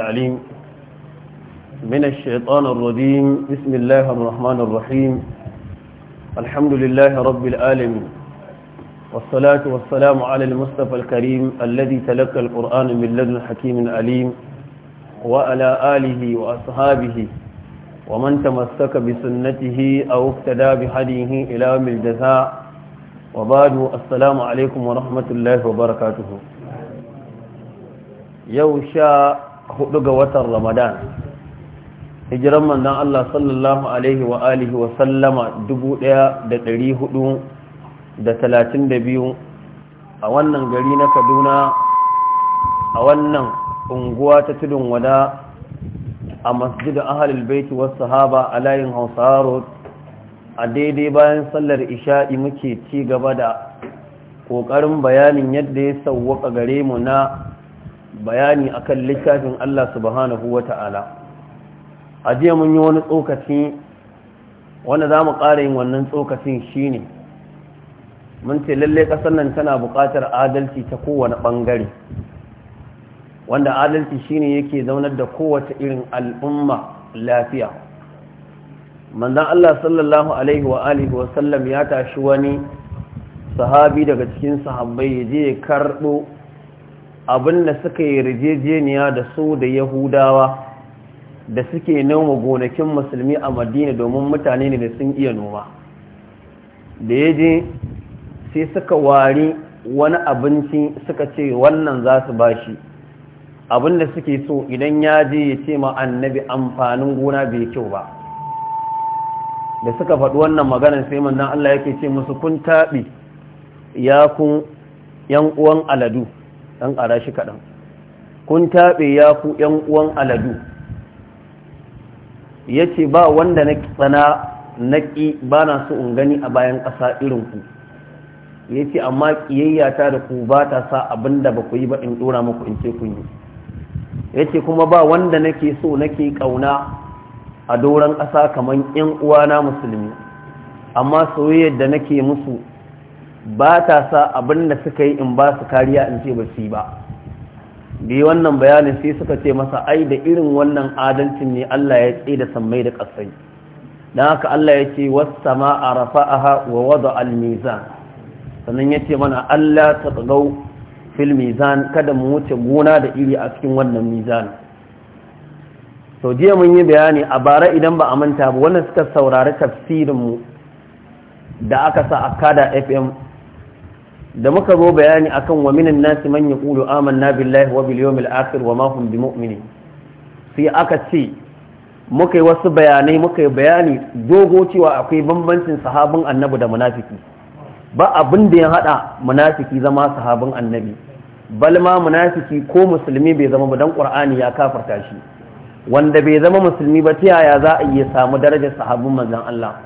العليم من الشيطان الرجيم بسم الله الرحمن الرحيم الحمد لله رب العالمين والصلاة والسلام على المصطفى الكريم الذي تلقى القرآن من لدن حكيم عليم وعلى آله وأصحابه ومن تمسك بسنته أو اقتدى بهديه إلى الجزاء وبعد السلام عليكم ورحمة الله وبركاته يوشا hudu ga watan ramadan hijiran manzon Allah sallallahu alaihi wa alihi wa sallama biyu a wannan gari na Kaduna a wannan unguwa ta tudun wada a masjid ahalil baiti wasu sahaba a layin Hausa a daidai bayan sallar isha'i muke ci gaba da ƙoƙarin bayanin yadda ya sauwaka gare mu na bayani akan littafin Allah subhanahu wa ta'ala a jiya mun yi wani tsokaci wanda za mu ƙara yin wannan tsokacin shi ne mun ce lalle ƙasar nan tana buƙatar adalci ta kowane ɓangare wanda adalci shine ne yake zaunar da kowace irin al'umma lafiya manzan Allah sallallahu Alaihi wa alihi wasallam ya tashi wani sahabi daga cikin sahabbai ya je ya karɓo da suka yi rijejeniya da su da yahudawa da suke noma gonakin musulmi a madina domin mutane ne da sun iya noma da ya je sai suka wari wani abinci suka ce wannan za su ba shi abinda suke so idan ya je ya ce ma annabi amfanin gona bai kyau ba da suka faɗi wannan maganar sai manzan Allah yake ce musu kun taɓi ya kun yan uwan aladu ɗan ƙara shi kaɗan kun taɓe ya ku ‘yan uwan aladu ya ce ba wanda na tsana na ba na so in gani a bayan ƙasa irinku ya ce amma ƙiyayya ta da ku ba ta sa abin da ba ku yi ba in ɗora muku in ce kun yi ya ce kuma ba wanda nake so nake ƙauna a doron ƙasa kamar ‘yan uwana musulmi amma soyayyar da nake musu ba ta sa abin da suka yi in ba su kariya in ce ba su ba bi wannan bayanin sai suka ce masa ai da irin wannan adalcin ne Allah ya tsaye da sammai da ƙasai don haka Allah ya ce wasu sama a rafa'aha wa wada mizan sannan ya ce mana Allah ta tsagau fil mizan kada mu wuce gona da iri a cikin wannan mizan sau jiya mun yi bayani a bara idan ba a manta ba wannan suka saurari tafsirinmu da aka sa a kada fm da muka zo bayani akan wa minan nasi man yaqulu amanna billahi wa bil yawmil akhir wa ma hum bimu'minin sai aka ce muka yi wasu bayanai muka yi bayani dogo cewa akwai bambancin sahabin annabi da munafiki ba abin da ya hada munafiki zama sahabin annabi bal ma munafiki ko musulmi bai zama ba dan qur'ani ya kafarta shi wanda bai zama musulmi ba ta yaya za a iya samu darajar sahabin manzon Allah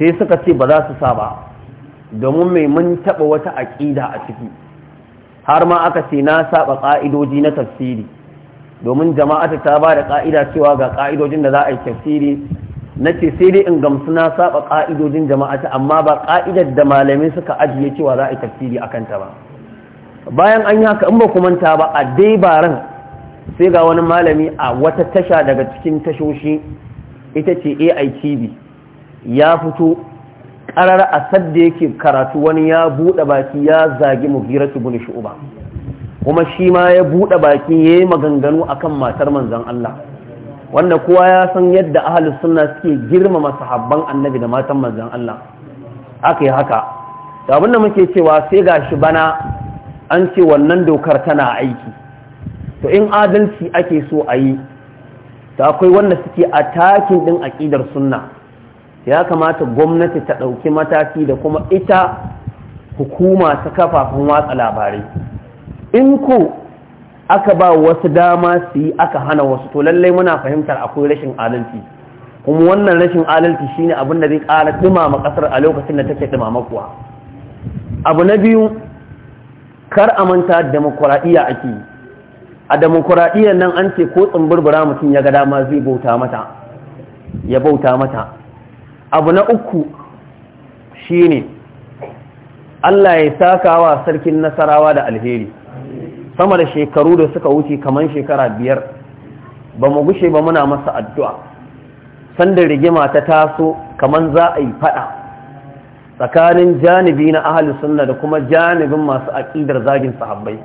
sai suka ce ba za su sa ba domin mai mun taɓa wata aƙida a ciki har ma aka ce na saba ƙa'idoji na tafsiri domin jama'ata ta ba da ƙa'ida cewa ga ƙa'idojin da za a yi tafsiri na ce sai dai in gamsu na saɓa ƙa'idojin jama'ata amma ba ƙa'idar da malami suka ajiye cewa za a yi tafsiri a kanta ba bayan an yi haka in ba ku manta ba a dai baran sai ga wani malami a wata tasha daga cikin tashoshi ita ce aitv ya fito karar a da yake karatu wani ya buɗe baki ya zagi mu mughiratu bin shu'ba kuma shi ma ya buɗe baki yayi maganganu akan matar manzan Allah wanda kowa ya san yadda ahlus sunna suke girmama sahabban annabi da matan manzan Allah aka yi haka to da muke cewa sai gashi bana an ce wannan dokar tana aiki to in adalci ake so a yi ta akwai wanda suke a takin din aƙidar sunna ya kamata gwamnati ta ɗauki mataki da kuma ita hukuma ta kafafin watsa labarai in ku aka ba wasu dama su yi aka hana wasu to lallai muna fahimtar akwai rashin adalci kuma wannan rashin adalci shine abin da zai ƙara dumama ƙasar a lokacin da take dumama kuwa abu na biyu kar a manta demokuraɗiyya ake yi a demokuraɗiyyar nan an ce ko tsumburbura mutum ya ga dama zai bauta mata ya bauta mata abu na uku shi ne. Allah ya wa sarkin nasarawa da alheri sama da shekaru da suka wuce kamar shekara biyar ba mu gushe ba muna masa addu'a sanda rigima ta taso kamar za a yi fada tsakanin janibi na ahalin sunna da kuma janibin masu aƙidar zagin sahabbai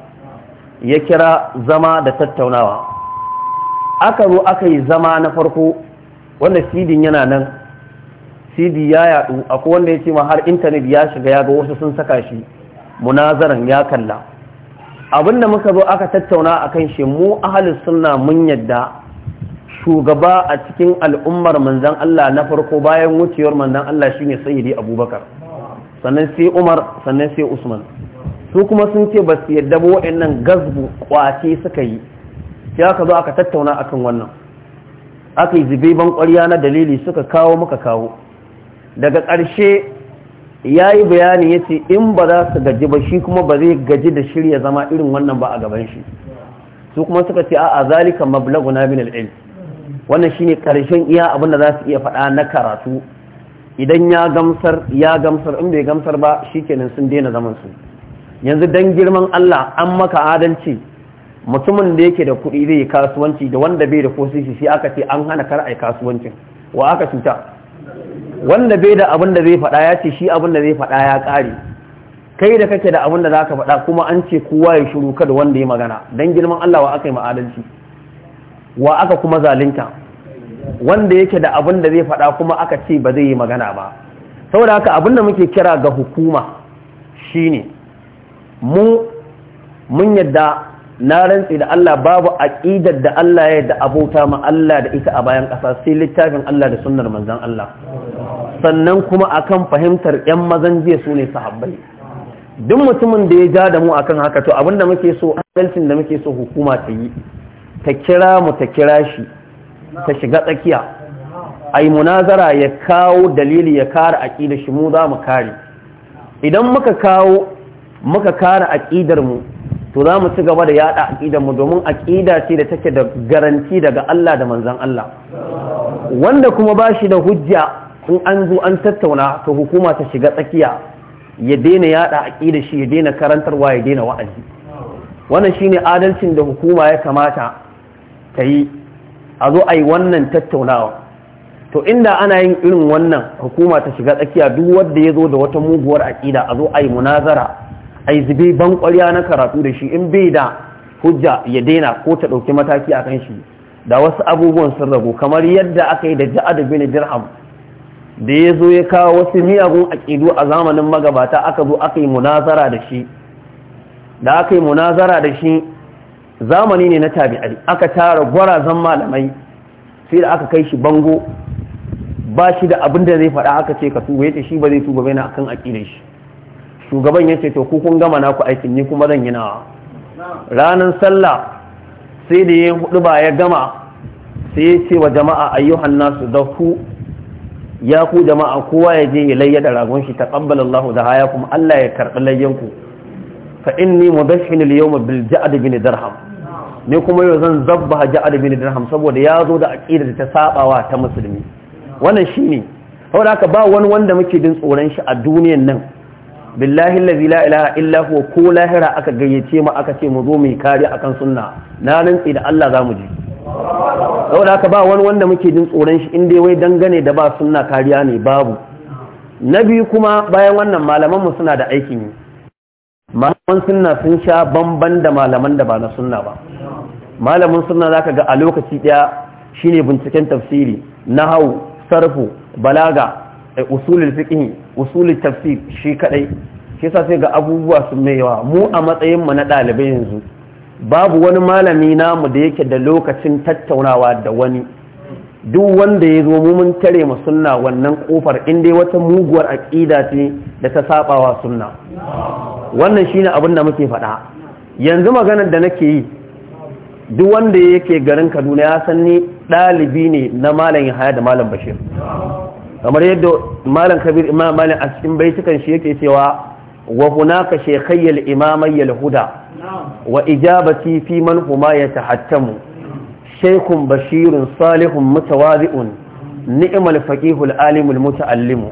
ya kira zama da tattaunawa aka zo aka yi zama na farko wanda sidin yana nan cd ya yadu akwai wanda ya ce ma har intanet ya shiga ya ga wasu sun saka shi munazaran ya kalla abinda muka zo aka tattauna a kan shi mu ahalin suna mun yadda shugaba a cikin al'ummar manzan Allah na farko bayan wucewar manzan Allah shi ne sayidi abubakar sannan sai umar sannan sai usman su kuma sun ce ba su yadda ba waɗannan gazbu kwace suka yi ya ka zo aka tattauna akan wannan aka yi zibe ban ƙwarya na dalili suka kawo muka kawo daga ƙarshe ya yi bayani ya ce in ba za su gaji ba shi kuma ba zai gaji da shirya zama irin wannan ba a gaban shi su kuma suka ce a zalika mablagu na bin al'il wannan shi ne ƙarshen iya abin da za su iya faɗa na karatu idan ya gamsar ya gamsar in bai gamsar ba shi kenan sun daina zaman su yanzu dan girman Allah an maka adalci mutumin da yake da kuɗi zai yi kasuwanci da wanda bai da ko shi aka ce an hana kar yi kasuwancin wa aka cuta wanda bai da abin da zai faɗa ya ce shi abin da zai faɗa ya ƙare kai da kake da abin da za ka faɗa kuma an ce kowa ya shiru kada wanda ya magana don girman Allah wa aka yi ma'adalci wa aka kuma zalunta wanda yake da abin da zai faɗa kuma aka ce ba zai yi magana ba saboda haka abin da muke kira ga hukuma shine mu mun yadda na rantsi da Allah babu aqidar da Allah ya da abota ma Allah da ita a bayan ƙasa sai littafin Allah da sunnar manzon Allah sannan kuma akan fahimtar ƴan mazan jiya su ne sahabbai duk mutumin da ya ja da mu akan haka to abinda muke so adalcin da muke so hukuma ta yi ta kira mu ta kira shi ta shiga tsakiya ai munazara ya kawo dalili ya kare aqidar shi mu za mu kare idan muka kawo muka kare aqidar mu to za mu ci gaba da yada aqidar mu domin aqida ce da take da garanti daga Allah da manzon Allah wanda kuma bashi da hujja in an zo an tattauna to hukuma ta shiga tsakiya ya daina yada aqida shi ya daina karantarwa ya daina wa'azi wannan shine adalcin da hukuma ya kamata ta yi a zo ai wannan tattaunawa to inda ana yin irin wannan hukuma ta shiga tsakiya duk wanda ya zo da wata muguwar aqida a zo ai munazara ai zube ban kwariya na karatu da shi in bai da hujja ya daina ko ta ɗauki mataki a kan shi da wasu abubuwan sun ragu kamar yadda aka yi da ja'adu bin dirham da ya zo ya kawo wasu miyagun aƙidu a zamanin magabata aka zo aka yi munazara da shi da aka yi munazara da shi zamani ne na tabi'ai aka tara gwarazan malamai sai da aka kai shi bango ba shi da abin da zai faɗa aka ce ka tuba ya shi ba zai tuba bai na akan aƙidar shi shugaban ya ce to ku kun gama naku aikin ni kuma zan yi nawa Ranan sallah sai da ya hudu ba ya gama sai ya ce wa jama'a ayyuhan nasu da ku ya ku jama'a kowa ya je ya layyada ragon shi ta Allahu da haya kuma Allah ya karbi layyan ku fa inni mudashhin al-yawma bil ja'd bin dirham Ni kuma yau zan zabba ja'd bin dirham saboda ya zo da aqidar ta sabawa ta musulmi wannan shine saboda haka ba wani wanda muke din tsoron shi a duniyar nan billahi allazi la ilaha illa huwa ko lahira aka gayyace ma aka ce mu zo mu kare akan sunna na rantsi da Allah za mu ji. saboda haka ba wani wanda muke jin tsoron shi inda wai dangane da ba sunna kariya ne babu na biyu kuma bayan wannan malaman mu suna da aikin yi malaman sunna sun sha bamban da malaman da ba na sunna ba malamin sunna zaka ga a lokaci daya shine binciken tafsiri nahau sarfu balaga Eh, usulul fiqh usulul tafsir shi kadai shi yasa sai ga abubuwa sun mai yawa mu a matsayin mu na dalibai yanzu babu wani malami namu da yake da lokacin tattaunawa da wani duk wanda ya zo mun tare mu sunna wannan kofar inda ya wata muguwar aqida ce da ta sabawa sunna wannan shine abin da muke faɗa yanzu maganar da nake yi duk wanda yake garin Kaduna ya sanni ni dalibi ne na malam Yahaya da malam Bashir kamar yadda malam kabir imam malam a cikin baitukan shi yake cewa wa hunaka shaykhay al-imamay al-huda wa ijabati fi man huma yatahattamu shaykhun bashirun salihun mutawazi'un ni'mal faqihul alimul muta'allimu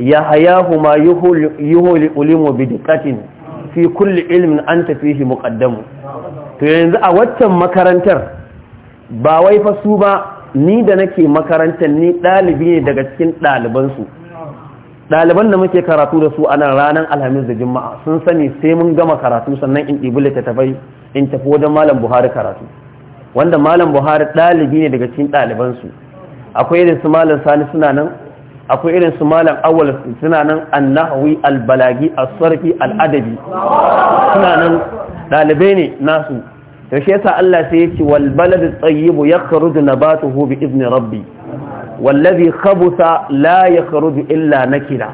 ya hayahu ma yuhul ulimu bi fi kulli ilmin anta fihi muqaddamu to yanzu a waccan makarantar ba wai fa su ba ni da nake makarantar ni ɗalibi ne daga cikin ɗalibansu ɗaliban da muke karatu da su a nan ranar alhamis da juma'a sun sani sai mun gama karatu sannan in ɗibi littattafai in tafi wajen malam buhari karatu wanda malam buhari ɗalibi ne daga cikin ɗalibansu akwai irin su malam sani suna nan akwai irin su malam awal suna nan annahawi albalagi asarfi al'adabi suna nan ɗalibai ne nasu Yaushe yasa Allah sai ya ci wal baladu tayyibu yakhruju nabatuhu bi izni rabbi wallazi khabutha la yakhruju illa nakira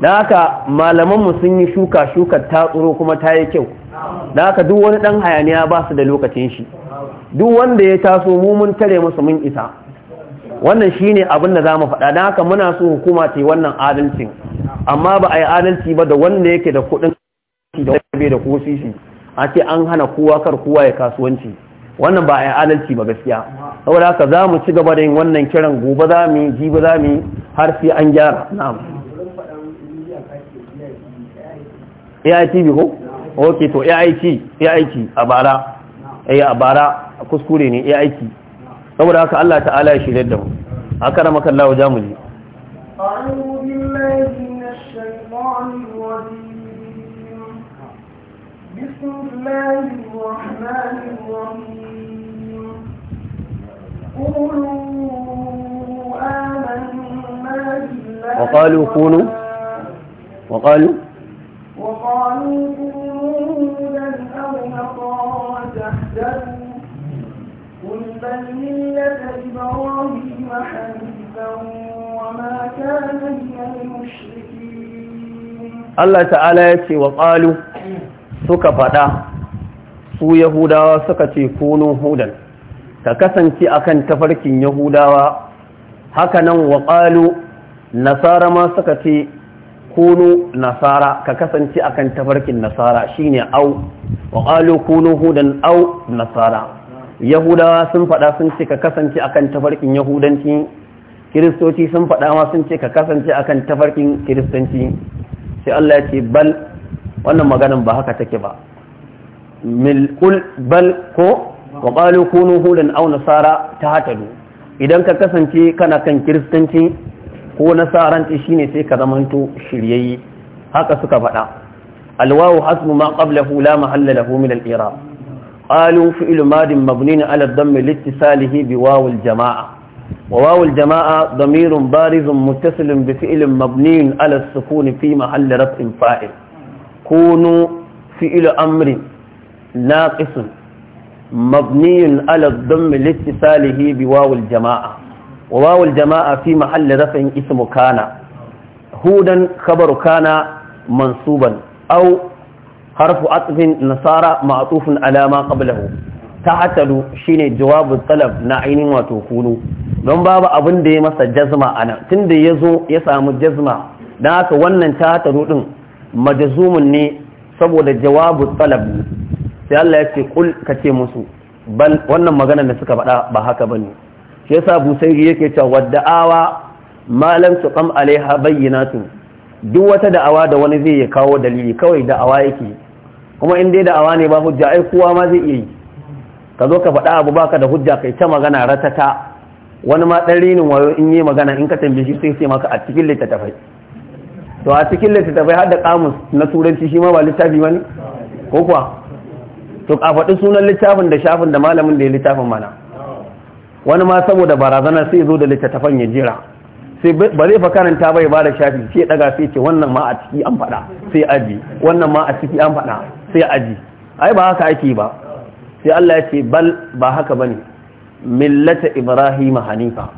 dan haka malaman mu sun yi shuka shuka ta tsuro kuma ta yi kyau dan haka duk wani dan hayaniya ba su da lokacin shi duk wanda ya taso mu mun tare musu mun isa wannan shine abin da zamu faɗa dan haka muna so hukuma ta yi wannan adalcin amma ba a yi adalci ba da wanda yake da kuɗin da bai da kosishi a ce an hana kowa kar kowa ya kasuwanci wannan ba a yi adalci ba gaskiya saboda haka za mu ci gaba da yin wannan kiran gobe za mu yi jibi za mu yi har sai an gyara na'am AIT ko? ok to AIT AIT a bara eh a bara kuskure ne AIT saboda haka Allah ta'ala ya shirye da mu A ramaka Allah ya jamu ne أعوذ بالله الله الرحمن الرحيم قولوا آمنا وقالوا كونوا وقالوا وقالوا كونوا هودا أو نصارى تهتدوا قل بل ملة إبراهيم حنيفا وما كان من المشركين الله تعالى يأتي وقالوا سكفتا su yahudawa suka ce kunun hudan ka kasance a kan tafarkin yahudawa nan wa ƙalu nasara ma suka ce kunu nasara ka kasance a kan tafarkin nasara shi ne au wa ƙalu kunu hudan au nasara yahudawa sun faɗa sun ce ka kasance a kan tafarkin yahudanci kiristoci sun faɗa ma sun ce ka kasance a kan tafarkin kiristanci sai Allah ya ce bal wannan maganin ba haka take ba milkul bal ko wa qalu kunu hudan aw nasara tahtadu idan ka kasance kana kan kiristanci ko nasaranci shine sai ka zamanto shiryayye haka suka faɗa alwawu hasbu ma qablahu la mahalla lahu min al-i'rab qalu fi'l madin mabnin ala ad-damm liittisalihi bi wawu al-jama'a وواو الجماعة ضمير بارز متصل بفعل مبني على السكون في محل رفع فاعل كونوا فعل أمر naqisun mabniyun ala dhamm liittisalihi bi waw jamaa wa waw jamaa fi mahall raf'in ismu kana hudan khabaru kana mansuban Au harfu atfin nasara ma'tufun ala ma qablahu ta'atalu shine jawabu talab na ainihin wato kunu don babu abin da ya masa jazma ana tunda ya zo ya samu jazma dan haka wannan ta'atalu din majzumun ne saboda jawabu ne. sai Allah ya ce kul ka ce musu wannan maganar da suka faɗa ba haka bane shi yasa busairi yake cewa Awa malam kam alaiha su. duk wata da'awa da wani zai ya kawo dalili kawai da'awa yake kuma in dai da'awa ne ba hujja ai kowa ma zai iya yi ka zo ka faɗa abu baka da hujja kai ta magana ratata wani ma ɗan rinin wayo in yi magana in ka tambaye shi sai sai maka a cikin littattafai to a cikin littattafai har da kamus na turanci shi ma ba littafi bane ko kuwa to a faɗi sunan littafin da shafin da malamin da ya littafin mana wani ma saboda barazana sai zo da littattafan ya jira sai ba zai fa karanta bai ba da shafi sai daga sai ce wannan ma a ciki an faɗa sai aji wannan ma a ciki an faɗa sai aji ai ba haka ake ba sai Allah ya ce bal ba haka bane millata ibrahima hanifa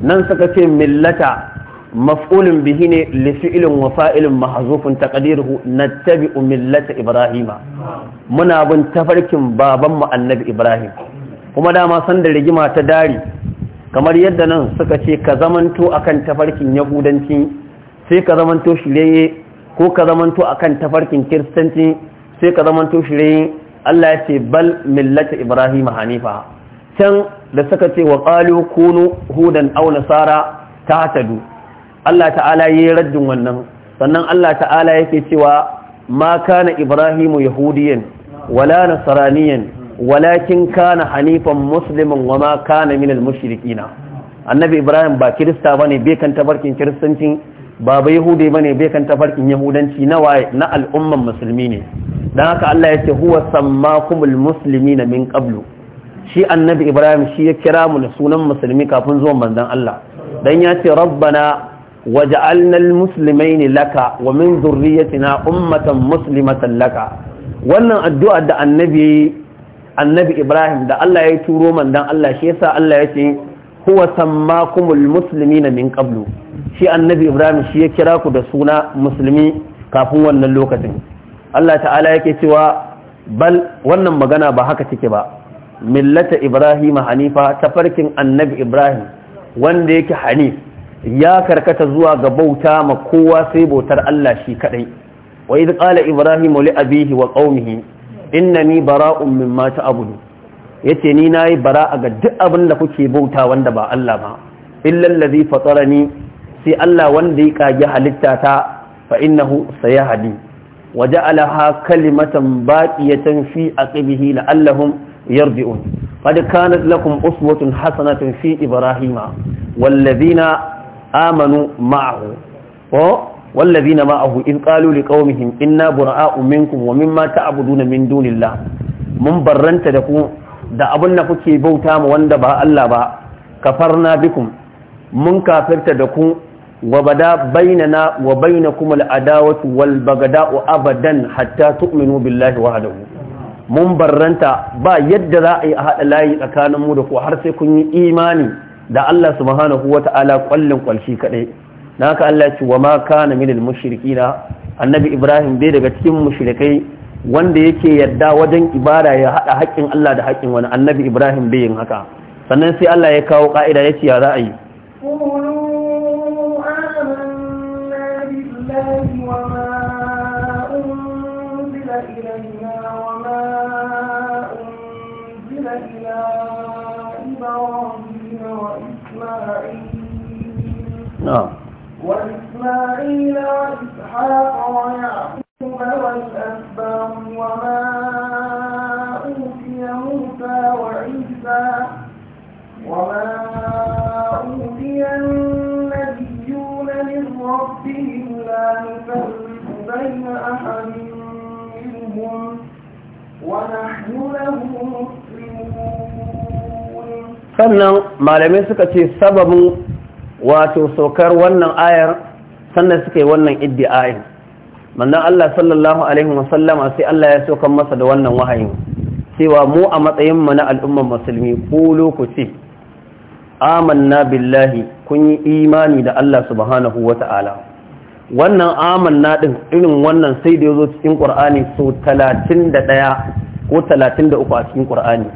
nan suka ce millata Mafulin bihi ne li fi'lin wa fa'ilin mahzufun taqdiruhu nattabi'u millata ibrahima muna bin tafarkin baban mu annabi ibrahim kuma dama san da rigima ta dari kamar yadda nan suka ce ka zamanto akan tafarkin yahudanci sai ka zamanto shirye ko ka zamanto akan tafarkin kiristanci sai ka zamanto shirye Allah ya ce bal millata ibrahima hanifa can da suka ce wa qalu kunu hudan aw nasara tahtadu Allah ta'ala ya yi raddin wannan sannan Allah ta'ala yake cewa ma kana ibrahimu yahudiyan wala nasraniyan walakin kana hanifan musliman wama kana minal mushrikina annabi ibrahim ba kirista bane bai kan tabarkin kiristanci ba ba yahude bane bai kan tabarkin yahudanci na na al'umman musulmi ne dan haka Allah yace huwa sammakumul muslimina min qablu shi annabi ibrahim shi ya kira mu da sunan musulmi kafin zuwan manzon Allah dan ya ce rabbana وجعلنا المسلمين لك ومن ذريتنا أمة مسلمة لك wannan addu'ar da annabi annabi Ibrahim da Allah ya turo dan Allah shi yasa Allah ya ce huwa sammakumul muslimina min qablu shi annabi Ibrahim shi ya kira ku da suna musulmi kafin wannan lokacin Allah ta'ala yake cewa bal wannan magana ba haka take ba millata Ibrahim hanifa tafarkin annabi Ibrahim wanda yake hanif ya karkata zuwa ga bauta ma kowa sai bautar Allah shi kadai wa idh qala ibrahimu li abihi wa qaumihi innani bara'un mimma ta'budu yace ni nayi bara'a ga duk abin da kuke bauta wanda ba Allah ba illa allazi fatarani sai Allah wanda ya kage halitta ta fa innahu sayahdi wa ja'alaha kalimatan baqiyatan fi aqibihi la'allahum yarji'un qad kanat lakum uswatun hasanatan fi ibrahima wallazina amanu ma'ahu ko wallazina ma'ahu in qalu liqaumihim inna bura'a'u minkum wa mimma ta'buduna min dunillah mun barranta da ku da abun da kuke bauta mu wanda ba Allah ba kafarna bikum mun kafirta da ku wa bada bainana wa bainakum al'adawatu wal bagada'u abadan hatta tu'minu billahi wahdahu mun barranta ba yadda za a yi a haɗa layi tsakanin mu da ku har sai kun yi imani da Allah subhanahu ta'ala kwallin kwalshi kadai naka Allah ce wa ma kana minal mushrikina annabi Ibrahim bai daga cikin mushrikai wanda yake yadda wajen ibada ya hada haƙƙin Allah da haƙƙin wani annabi Ibrahim bai yin haka sannan sai Allah ya kawo ka'ida yace ya yi. آه. وإسماعيل وإسحاق ويعقوب والأسباط وما أوتي موسى وعيسى وما أوتي النبيون من ربهم لا نفرق بين أحد منهم ونحن له مسلمون sannan malamai suka ce sababin wato saukar wannan ayar sannan suka yi wannan iddi'ayin manzon Allah sallallahu alaihi wasallama sai Allah ya saukan masa da wannan wahayin cewa mu a matsayin mana na al'umman musulmi ko lokaci amanna billahi kun yi imani da Allah subhanahu wata'ala wannan amanna ɗin irin wannan sai da zo cikin Qur'ani so ɗaya ko talatin da uku a cikin Qur'ani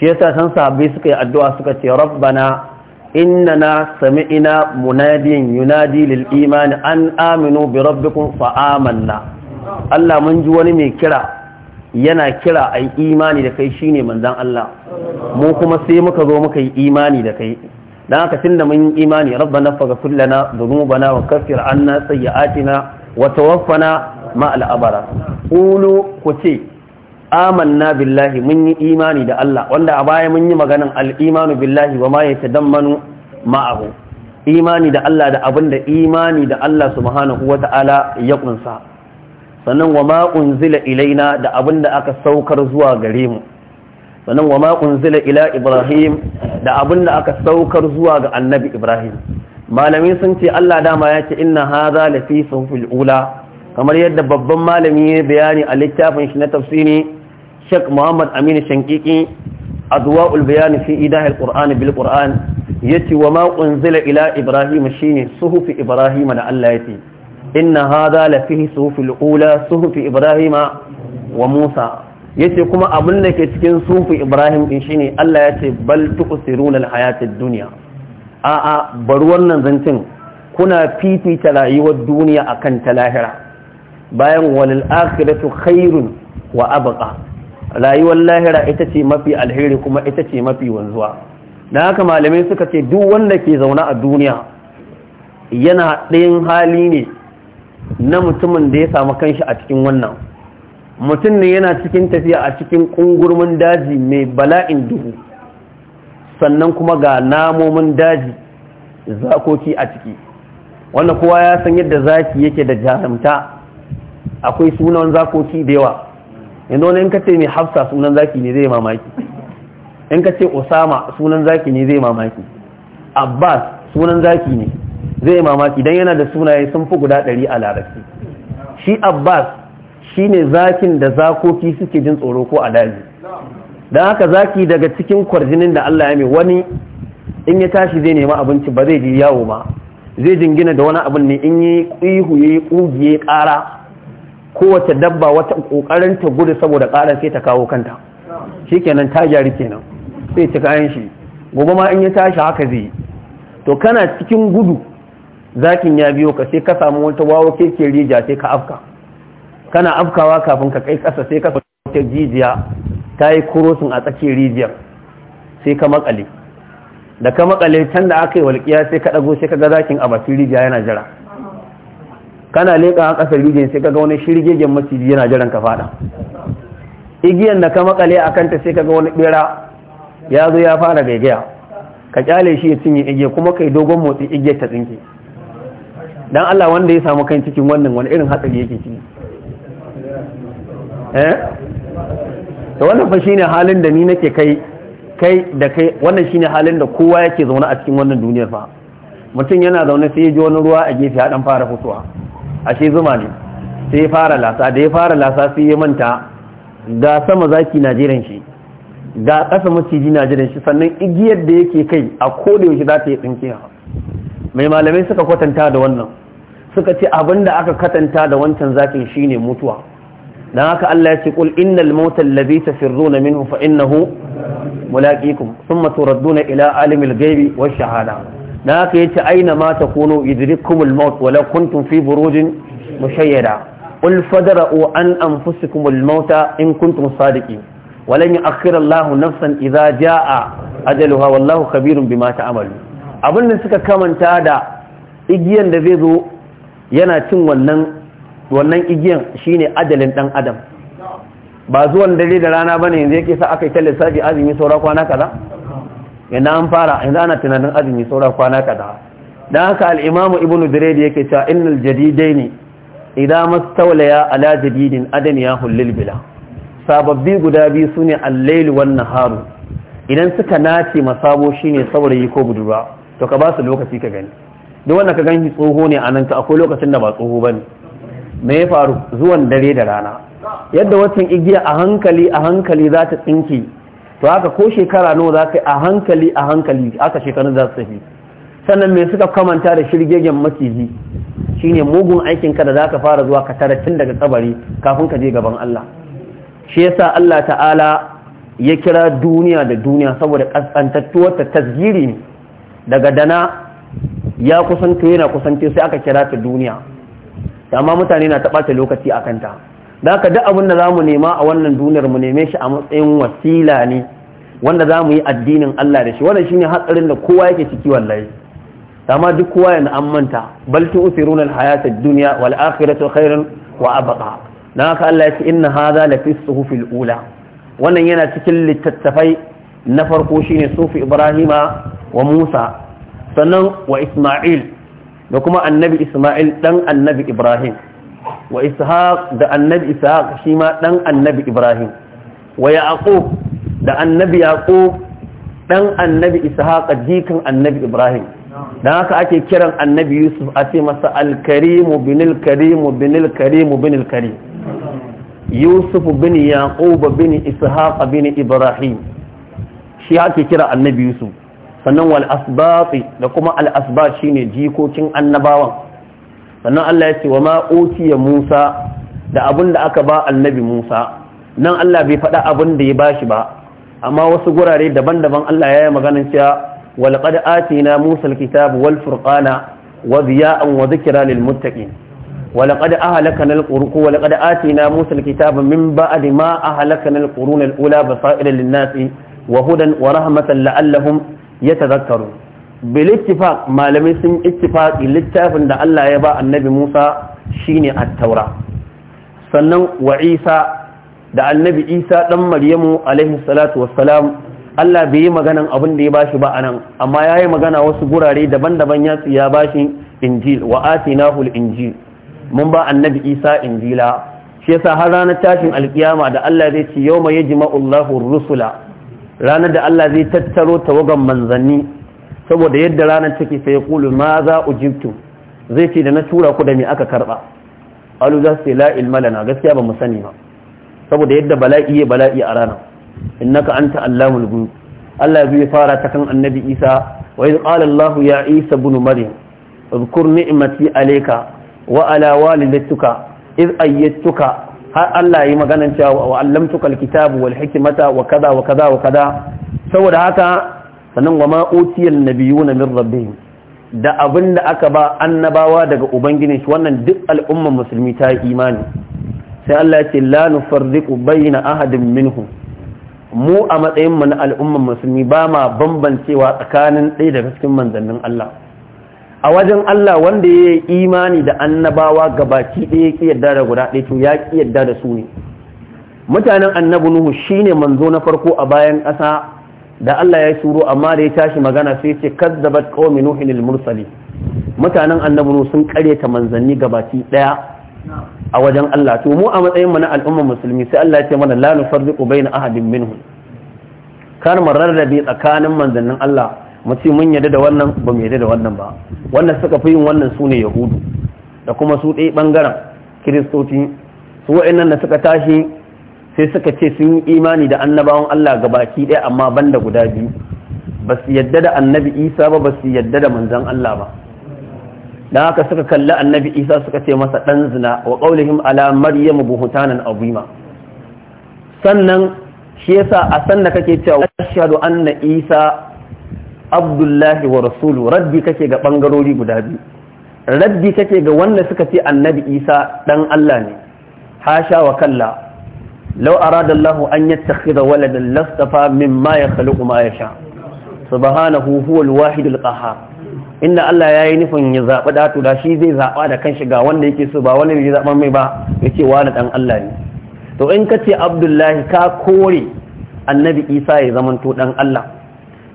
shi yasa san sahabbai suka yi addu'a suka ce rabbana na sami ina inna إننا سمعنا an aminu bi أن آمنوا بربكم Allah mun ji wani mai kira yana kira a imani da kai shine manzan Allah mu kuma sai muka zo muka yi imani da kai dan haka tunda mun yi imani rabbana faghfir lana dhunubana wa kaffir anna sayyi'atina wa tawaffana ma al-abara ku ce amanna billahi mun yi imani da Allah wanda a baya mun yi maganin al'imanu billahi wa ma manu ma'ahu imani da Allah da abin da imani da Allah subhanahu Ta'ala ya kunsa sannan wa ma unzila ilaina da abin da aka saukar zuwa gare mu sannan wa ma unzila ila ibrahim da abin da aka saukar zuwa ga annabi ibrahim malami sun ce Allah dama ya ce inna hadha fi suhufil ula kamar yadda babban malami ya bayani a littafin shi na tafsiri Sheikh Muhammad Aminu Shankiki adwa'ul bayan fi idahil qur'ani bil qur'an yace wa ma unzila ila ibrahim shine suhufi ibrahim da Allah yace inna hadha la fihi suhufil ula suhufi ibrahim wa musa yace kuma abin da ke cikin suhufi ibrahim din shine Allah yace bal tuqsiruna al hayatid dunya a a bar wannan zancin kuna fifita rayuwar duniya akan ta lahira bayan walil akhiratu khairun wa abqa rayuwar lahira ita ce mafi alheri kuma ita ce mafi wanzuwa na haka malamai suka ce duk wanda ke zaune a duniya yana ɗayan hali ne na mutumin da ya samu kanshi a cikin wannan mutum ne yana cikin tafiya a cikin ƙungurmin daji mai bala'in duhu sannan kuma ga namomin daji zakoki a ciki wanda kowa ya san yadda zaki yake da jarumta akwai sunan zakoki da yawa yanzu wani in ka ce mai hafsa sunan zaki ne zai mamaki in ka ce osama sunan zaki ne zai mamaki abbas sunan zaki ne zai mamaki don yana da sunaye sun fi guda ɗari a larabci shi abbas shi ne zakin da zakoki suke jin tsoro ko a daji don haka zaki daga cikin kwarjinin da allah ya mai wani in ya tashi zai nema abinci ba zai ji yawo ba zai jingina da wani abin ne in yi ihu ya yi ƙara kowace dabba wata kokarin ta gudu saboda ƙara sai ta kawo kanta shikenan ta jari kenan sai ta kayan shi gobe ma in ya tashi haka zai yi. to kana cikin gudu zakin ya biyo ka sai ka samu wata wawo keke rija sai ka afka kana afkawa kafin ka kai kasa sai ka wata jijiya ta yi kurosin a tsakiyar rijiyar sai ka makale da ka makale can da aka yi walƙiya sai ka ɗago sai ka ga zakin a bakin rijiya yana jira kana leƙa a ƙasar rijin sai kaga wani shirgegen maciji yana jiran ka fada igiyan da ka makale a kanta sai ga wani bera ya zo ya fara gaigaya ka kyale shi ya cinye igiya kuma kai dogon motsi igiyar ta tsinke dan Allah wanda ya samu kan cikin wannan wani irin hatsari yake ciki eh wannan fa shine halin da ni nake kai kai da kai wannan shine halin da kowa yake zaune a cikin wannan duniyar fa mutum yana zaune sai ya ji wani ruwa a gefe ya fara fitowa ashe zuma ne sai fara lasa da ya fara lasa sai ya manta ga sama zaki na shi ga ƙasa maciji na jiran shi sannan igiyar da yake kai a koda yaushe za ta yi tsinkiya mai malamai suka kwatanta da wannan suka ce abin da aka katanta da wancan zakin shine mutuwa dan haka Allah ya ce kul innal mauta firzo na minhu fa sun mulaqikum thumma na ila alimil ghaibi wa shahada na haka yace aina ma takunu idrikumul maut wala kuntum fi burujin mushayyada qul fadra'u an anfusikumul mauta in kuntum sadiqin walan yu'akhkhira Allahu nafsan idza jaa ajaluha wallahu khabirun bima ta'malu abin da suka kamanta da igiyan da zai zo yana cin wannan wannan igiyan shine ajalin dan adam ba zuwan dare da rana bane yanzu yake sa aka yi ta lissafi azumi saura kwana kaza yana an fara yanzu ana tunanin azumi saura kwana kada dan haka al-imamu ibnu dirayd yake cewa innal jadidaini idan mastawlaya ala jadidin adam ya hulil bila sababbi guda biyu sune al-layl wan nahar idan suka nace masabo shine saurayi ko budurwa to ka ba su lokaci ka gani duk wanda ka gani tsoho ne anan ka akwai lokacin da ba tsoho bane me ya faru zuwan dare da rana yadda wacin igiya a hankali a hankali za ta tsinki to haka ko shekara nawa za ka yi a hankali a hankali aka shekaru za su tafi sannan mai suka kamanta da shirgegen maciji shine mugun aikin ka da za ka fara zuwa ka tara tun daga kabari kafin ka je gaban Allah shi yasa Allah ta'ala ya kira duniya da duniya saboda kasantattuwar ta tasgiri daga dana ya kusanto yana kusance sai aka kira ta duniya amma mutane na taɓata lokaci a kanta da haka duk abin da za mu nema a wannan duniyar mu neme shi a matsayin wasila ne wanda za mu yi addinin Allah da shi wannan shine hatsarin da kowa yake ciki wallahi amma duk kowa yana an manta bal tu'thiruna al-hayata ad-dunya wal akhiratu khairun wa abqa dan haka Allah ya ce inna hadha la fi suhufil ula wannan yana cikin littattafai na farko shine sufi Ibrahima wa Musa sannan wa Isma'il da kuma annabi Isma'il dan annabi Ibrahim wa ishaq da annabi ishaq shi ma dan annabi ibrahim wa yaqub da annabi yaqub dan annabi ishaq jikan annabi ibrahim dan haka ake kiran annabi yusuf a ce masa alkarimu binil karimu binil karimu binil karim yusuf bin yaqub bin ishaq bin ibrahim shi ake kira annabi yusuf sannan wal asbati da kuma al asbat shine jikokin annabawan sannan Allah ya ce wa ma Musa da abin da aka ba annabi Musa nan Allah bai faɗa abin da ya bashi ba amma wasu gurare daban-daban Allah ya yi maganin cewa walqad atina Musa alkitab wal furqana wa ziya'an wa dhikra lil muttaqin ولقد أهلكنا القرون ولقد آتينا موسى الكتاب من بعد ما أهلكنا القرون الأولى wa للناس وهدى ورحمة لعلهم يتذكرون bil malamai sun ittifaqi littafin da Allah ya ba annabi Musa shine at-taura sannan wa Isa da annabi Isa dan Maryamu alaihi salatu wassalam Allah bai yi maganan abin da ya bashi ba anan amma yayi magana wasu gurare daban-daban ya ya bashi injil wa atinahu al-injil mun ba annabi Isa injila shi yasa har ranar tashin alkiyama da Allah zai ce yawma yajma'u Allahu rusula ranar da Allah zai tattaro tawagan manzanni saboda yadda ranar take sai ya kulu ma za ujibtu zai ce da na tura ku da me aka karba alu za su ilma lana gaskiya ba mu sani ba saboda yadda bala'i ya bala'i a ranar innaka anta allamul ghuyub Allah zai fara ta kan annabi Isa wa iz qala Allah ya Isa ibn Maryam اذكر wa عليك وعلى والدتك إذ har Allah yi maganan cewa wa allamtuka alkitabu wal hikmata wa kaza wa kaza wa kaza saboda haka sannan wa ma utiyal nabiyuna min rabbihim da abin da aka ba annabawa daga ubangijin shi wannan duk al'umman musulmi ta imani sai Allah ya ce la nufarriqu bayna ahadin minhum mu a matsayin mu na al'umman musulmi ba ma bambancewa tsakanin ɗaya daga cikin manzannin Allah a wajen Allah wanda ya yi imani da annabawa gabaki ɗaya ya yarda da guda ɗaya to ya yarda da su ne mutanen annabi nuhu shine manzo na farko a bayan ƙasa da Allah ya yi suru amma da ya tashi magana sai ce kazzabat qaumi nuhin lil mursali mutanen annabi sun karyata manzanni gabaki daya a wajen Allah to mu a matsayin mu na al'umma musulmi sai Allah ya ce mana la nufarriqu baina ahadin minhum kar mu rarrabe tsakanin manzannin Allah mu ce mun yarda da wannan ba mu yarda da wannan ba wannan suka fi yin wannan sune yahudu da kuma su ɗaya bangaren kiristoci su wa'annan da suka tashi sai suka ce sun yi imani da annabawan Allah gabaki ɗaya amma banda guda biyu ba su yadda da annabi isa ba ba su yadda da manzan Allah ba Da haka suka kalli annabi isa suka ce masa ɗan zina wa ƙaunihim ala maryam buhutanan abima sannan shi yasa a sanna kake cewa ashhadu anna isa abdullahi wa rasulu raddi kake ga bangarori guda biyu raddi kake ga wanda suka ce annabi isa ɗan Allah ne hasha wa kalla law arada Allah an yattakhidha waladan lastafa mimma yakhluqu ma yasha subhanahu huwal wahidul qahhar inda Allah ya yi nufin ya zaɓi datu da shi zai zaɓa da kan shiga wanda yake so ba wani zai zaɓar mai ba ya ce wani ɗan Allah ne to in ka ce abdullahi ka kore annabi isa ya zamanto ɗan Allah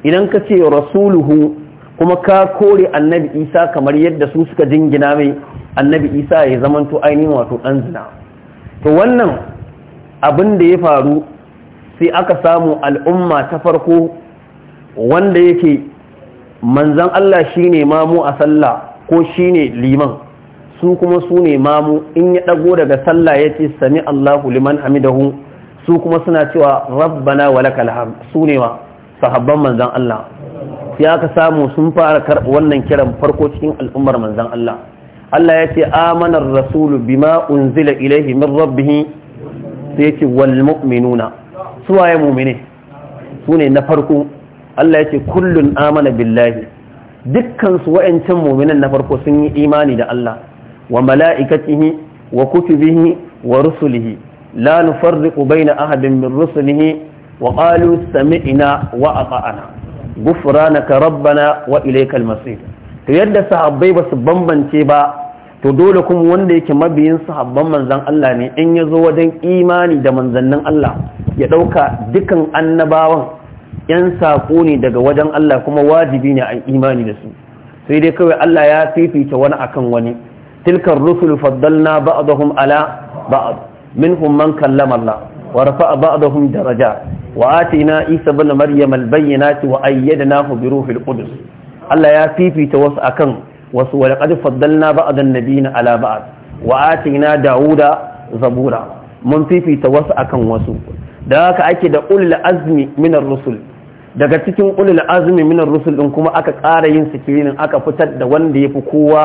idan ka ce rasuluhu kuma ka kore annabi isa kamar yadda su suka jingina mai annabi isa ya zamanto ainihin wato ɗan zina to wannan abin da ya faru sai aka samu al'umma ta farko wanda yake manzan Allah shine mamu a sallah ko shine liman su kuma su ne mamu in ya dago daga sallah ya ce sami Allahu liman hamidahu su kuma suna cewa rabbana walakal hamd su ne wa sahabban manzan Allah sai aka samu sun fara karɓi wannan kiran farko cikin al'ummar manzan Allah Allah ya ce amanar rasulu bima unzila ilaihi min rabbihi sai yace wal mu'minuna suwaye mu'mine sune na farko Allah yace kullun amana billahi dukkan su wa'ancan mu'minan na farko sun yi imani da Allah wa mala'ikatihi wa kutubihi wa rusulihi la nufarriqu baina ahadin min rusulihi wa qalu sami'na wa ata'na ghufranaka rabbana wa ilaykal masir to yadda sahabbai basu bambance ba to dole kuma wanda yake mabiyin sahabban manzan Allah ne in ya zo wajen imani da manzannin Allah ya ɗauka dukan annabawan ‘yan saƙo ne daga wajen Allah kuma wajibi ne a imani da su sai dai kawai Allah ya fifita wani akan wani tilkar rusul faddalna ba'dahum ala ba'd minhum man kallama Allah wa rafa'a ba'dahum daraja wa atina Isa ibn Maryam al-bayyinati wa ayyadnahu bi ruhil qudus Allah ya fifita wasu akan wasu wa laqad faddalna ba'dan nabiyina ala ba'd wa na Dawuda zabura mun fifita wasu akan wasu da haka ake da ulul azmi minar rusul daga cikin ulul azmi minar rusul ɗin kuma aka ƙara yin sikirinin aka fitar da wanda yafi kowa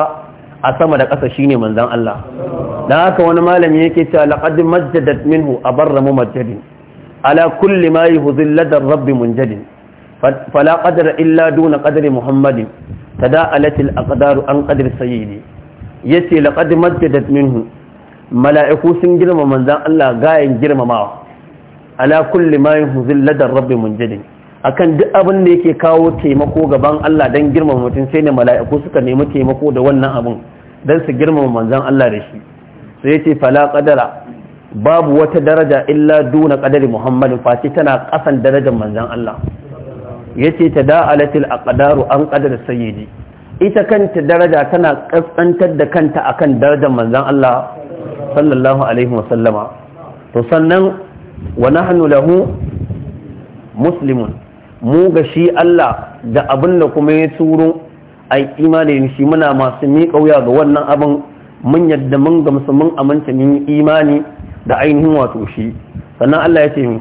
a sama da ƙasa shine manzon Allah da haka wani malami yake cewa laqad majjadat minhu abarra mumajjadin ala kulli ma yuhzil ladar rabbi munjadin فلا قدر إلا دون قدر محمد تداءلت الأقدار عن قدر سيدي يتي لقد مجدت منه ملائكو سنجرم من ذا الله غاين جرم معه على كل ما يهزل لدى الرب منجد akan duk abin da yake kawo taimako gaban Allah don girmama mutum sai ne mala'iku suka nemi taimako da wannan abin don su girmama manzan Allah da shi sai yace fala qadara babu wata daraja illa duna qadari muhammadin fati tana kasan darajar manzan Allah yace ta da'alatil aqdaru an qadara sayyidi ita kanta daraja tana kaskantar da kanta akan darajar manzon Allah sallallahu alaihi sallama to sannan wa nahnu lahu muslimun mu ga shi Allah da abin da kuma ya turo ai imani shi muna masu miƙa wuya ga wannan abin mun yadda mun ga musulmin aminta mun imani da ainihin wato shi sannan Allah ya ce mu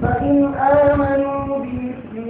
fa in amanu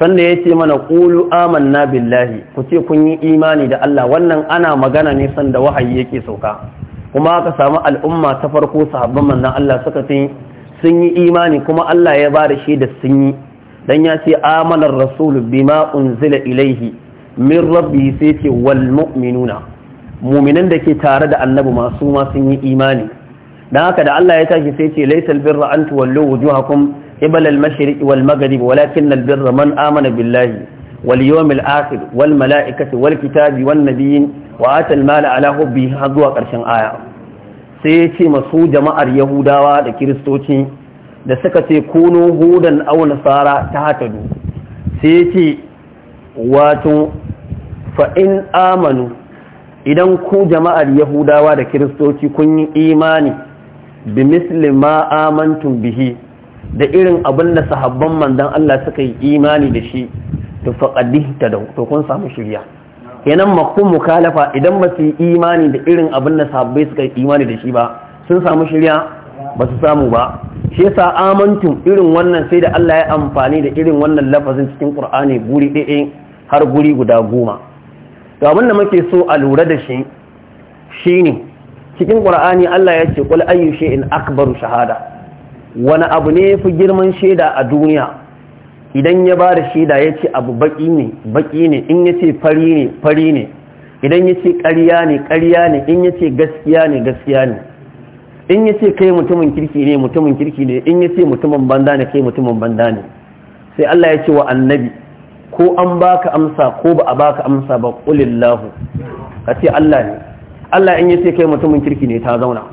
sanda ya ce mana ƙulu amanna billahi ku ce kun yi imani da Allah wannan ana magana ne sanda wahayi yake sauka kuma aka samu al'umma ta farko sahabban manzon Allah suka ce sun yi imani kuma Allah ya ba da shi da sun yi dan ya ce amanar rasulu bima unzila ilaihi min rabbi sai ce wal mu'minuna mu'minan da ke tare da annabi masu ma sun yi imani dan haka da Allah ya tashi sai ce laysal birra an tuwallu wujuhakum قبل المشرق والمغرب ولكن البر من آمن بالله واليوم الآخر والملائكة والكتاب والنبيين وآتى المال على حبه هذا قرشن آية سيتي مسو جماعة يهودا وكريستوتي da suka ce kuno hudan au nasara ta hatadu sai ce wato fa'in amanu idan ku jama'ar yahudawa da kiristoci kun yi imani bi misli ma amantun bihi da irin abin da sahabban manzon Allah suka yi imani da shi to faqadih da to kun samu shirya kenan makun mukalafa idan ba su yi imani da irin abin da sahabbai suka yi imani da shi ba sun samu shirya ba su samu ba shi yasa amantum irin wannan sai da Allah ya amfani da irin wannan lafazin cikin Qur'ani guri ɗaya har guri guda goma to abin da muke so a lura da shi shine cikin Qur'ani Allah ya ce qul ayyu shay'in akbaru shahada wani abu ne fi girman shaida a duniya idan ya ba da shaida ya ce abu baki ne baki ne in ya ce fari ne fari ne idan ya ce ƙarya ne ƙarya ne in ya ce gaskiya ne gaskiya ne in ya ce kai mutumin kirki ne mutumin kirki ne in ya ce mutumin banda ne kai mutumin banda ne sai Allah ya ce wa annabi ko an baka amsa ko ba a baka amsa ba kulillahu ka ce Allah ne Allah in ya ce kai mutumin kirki ne ta zauna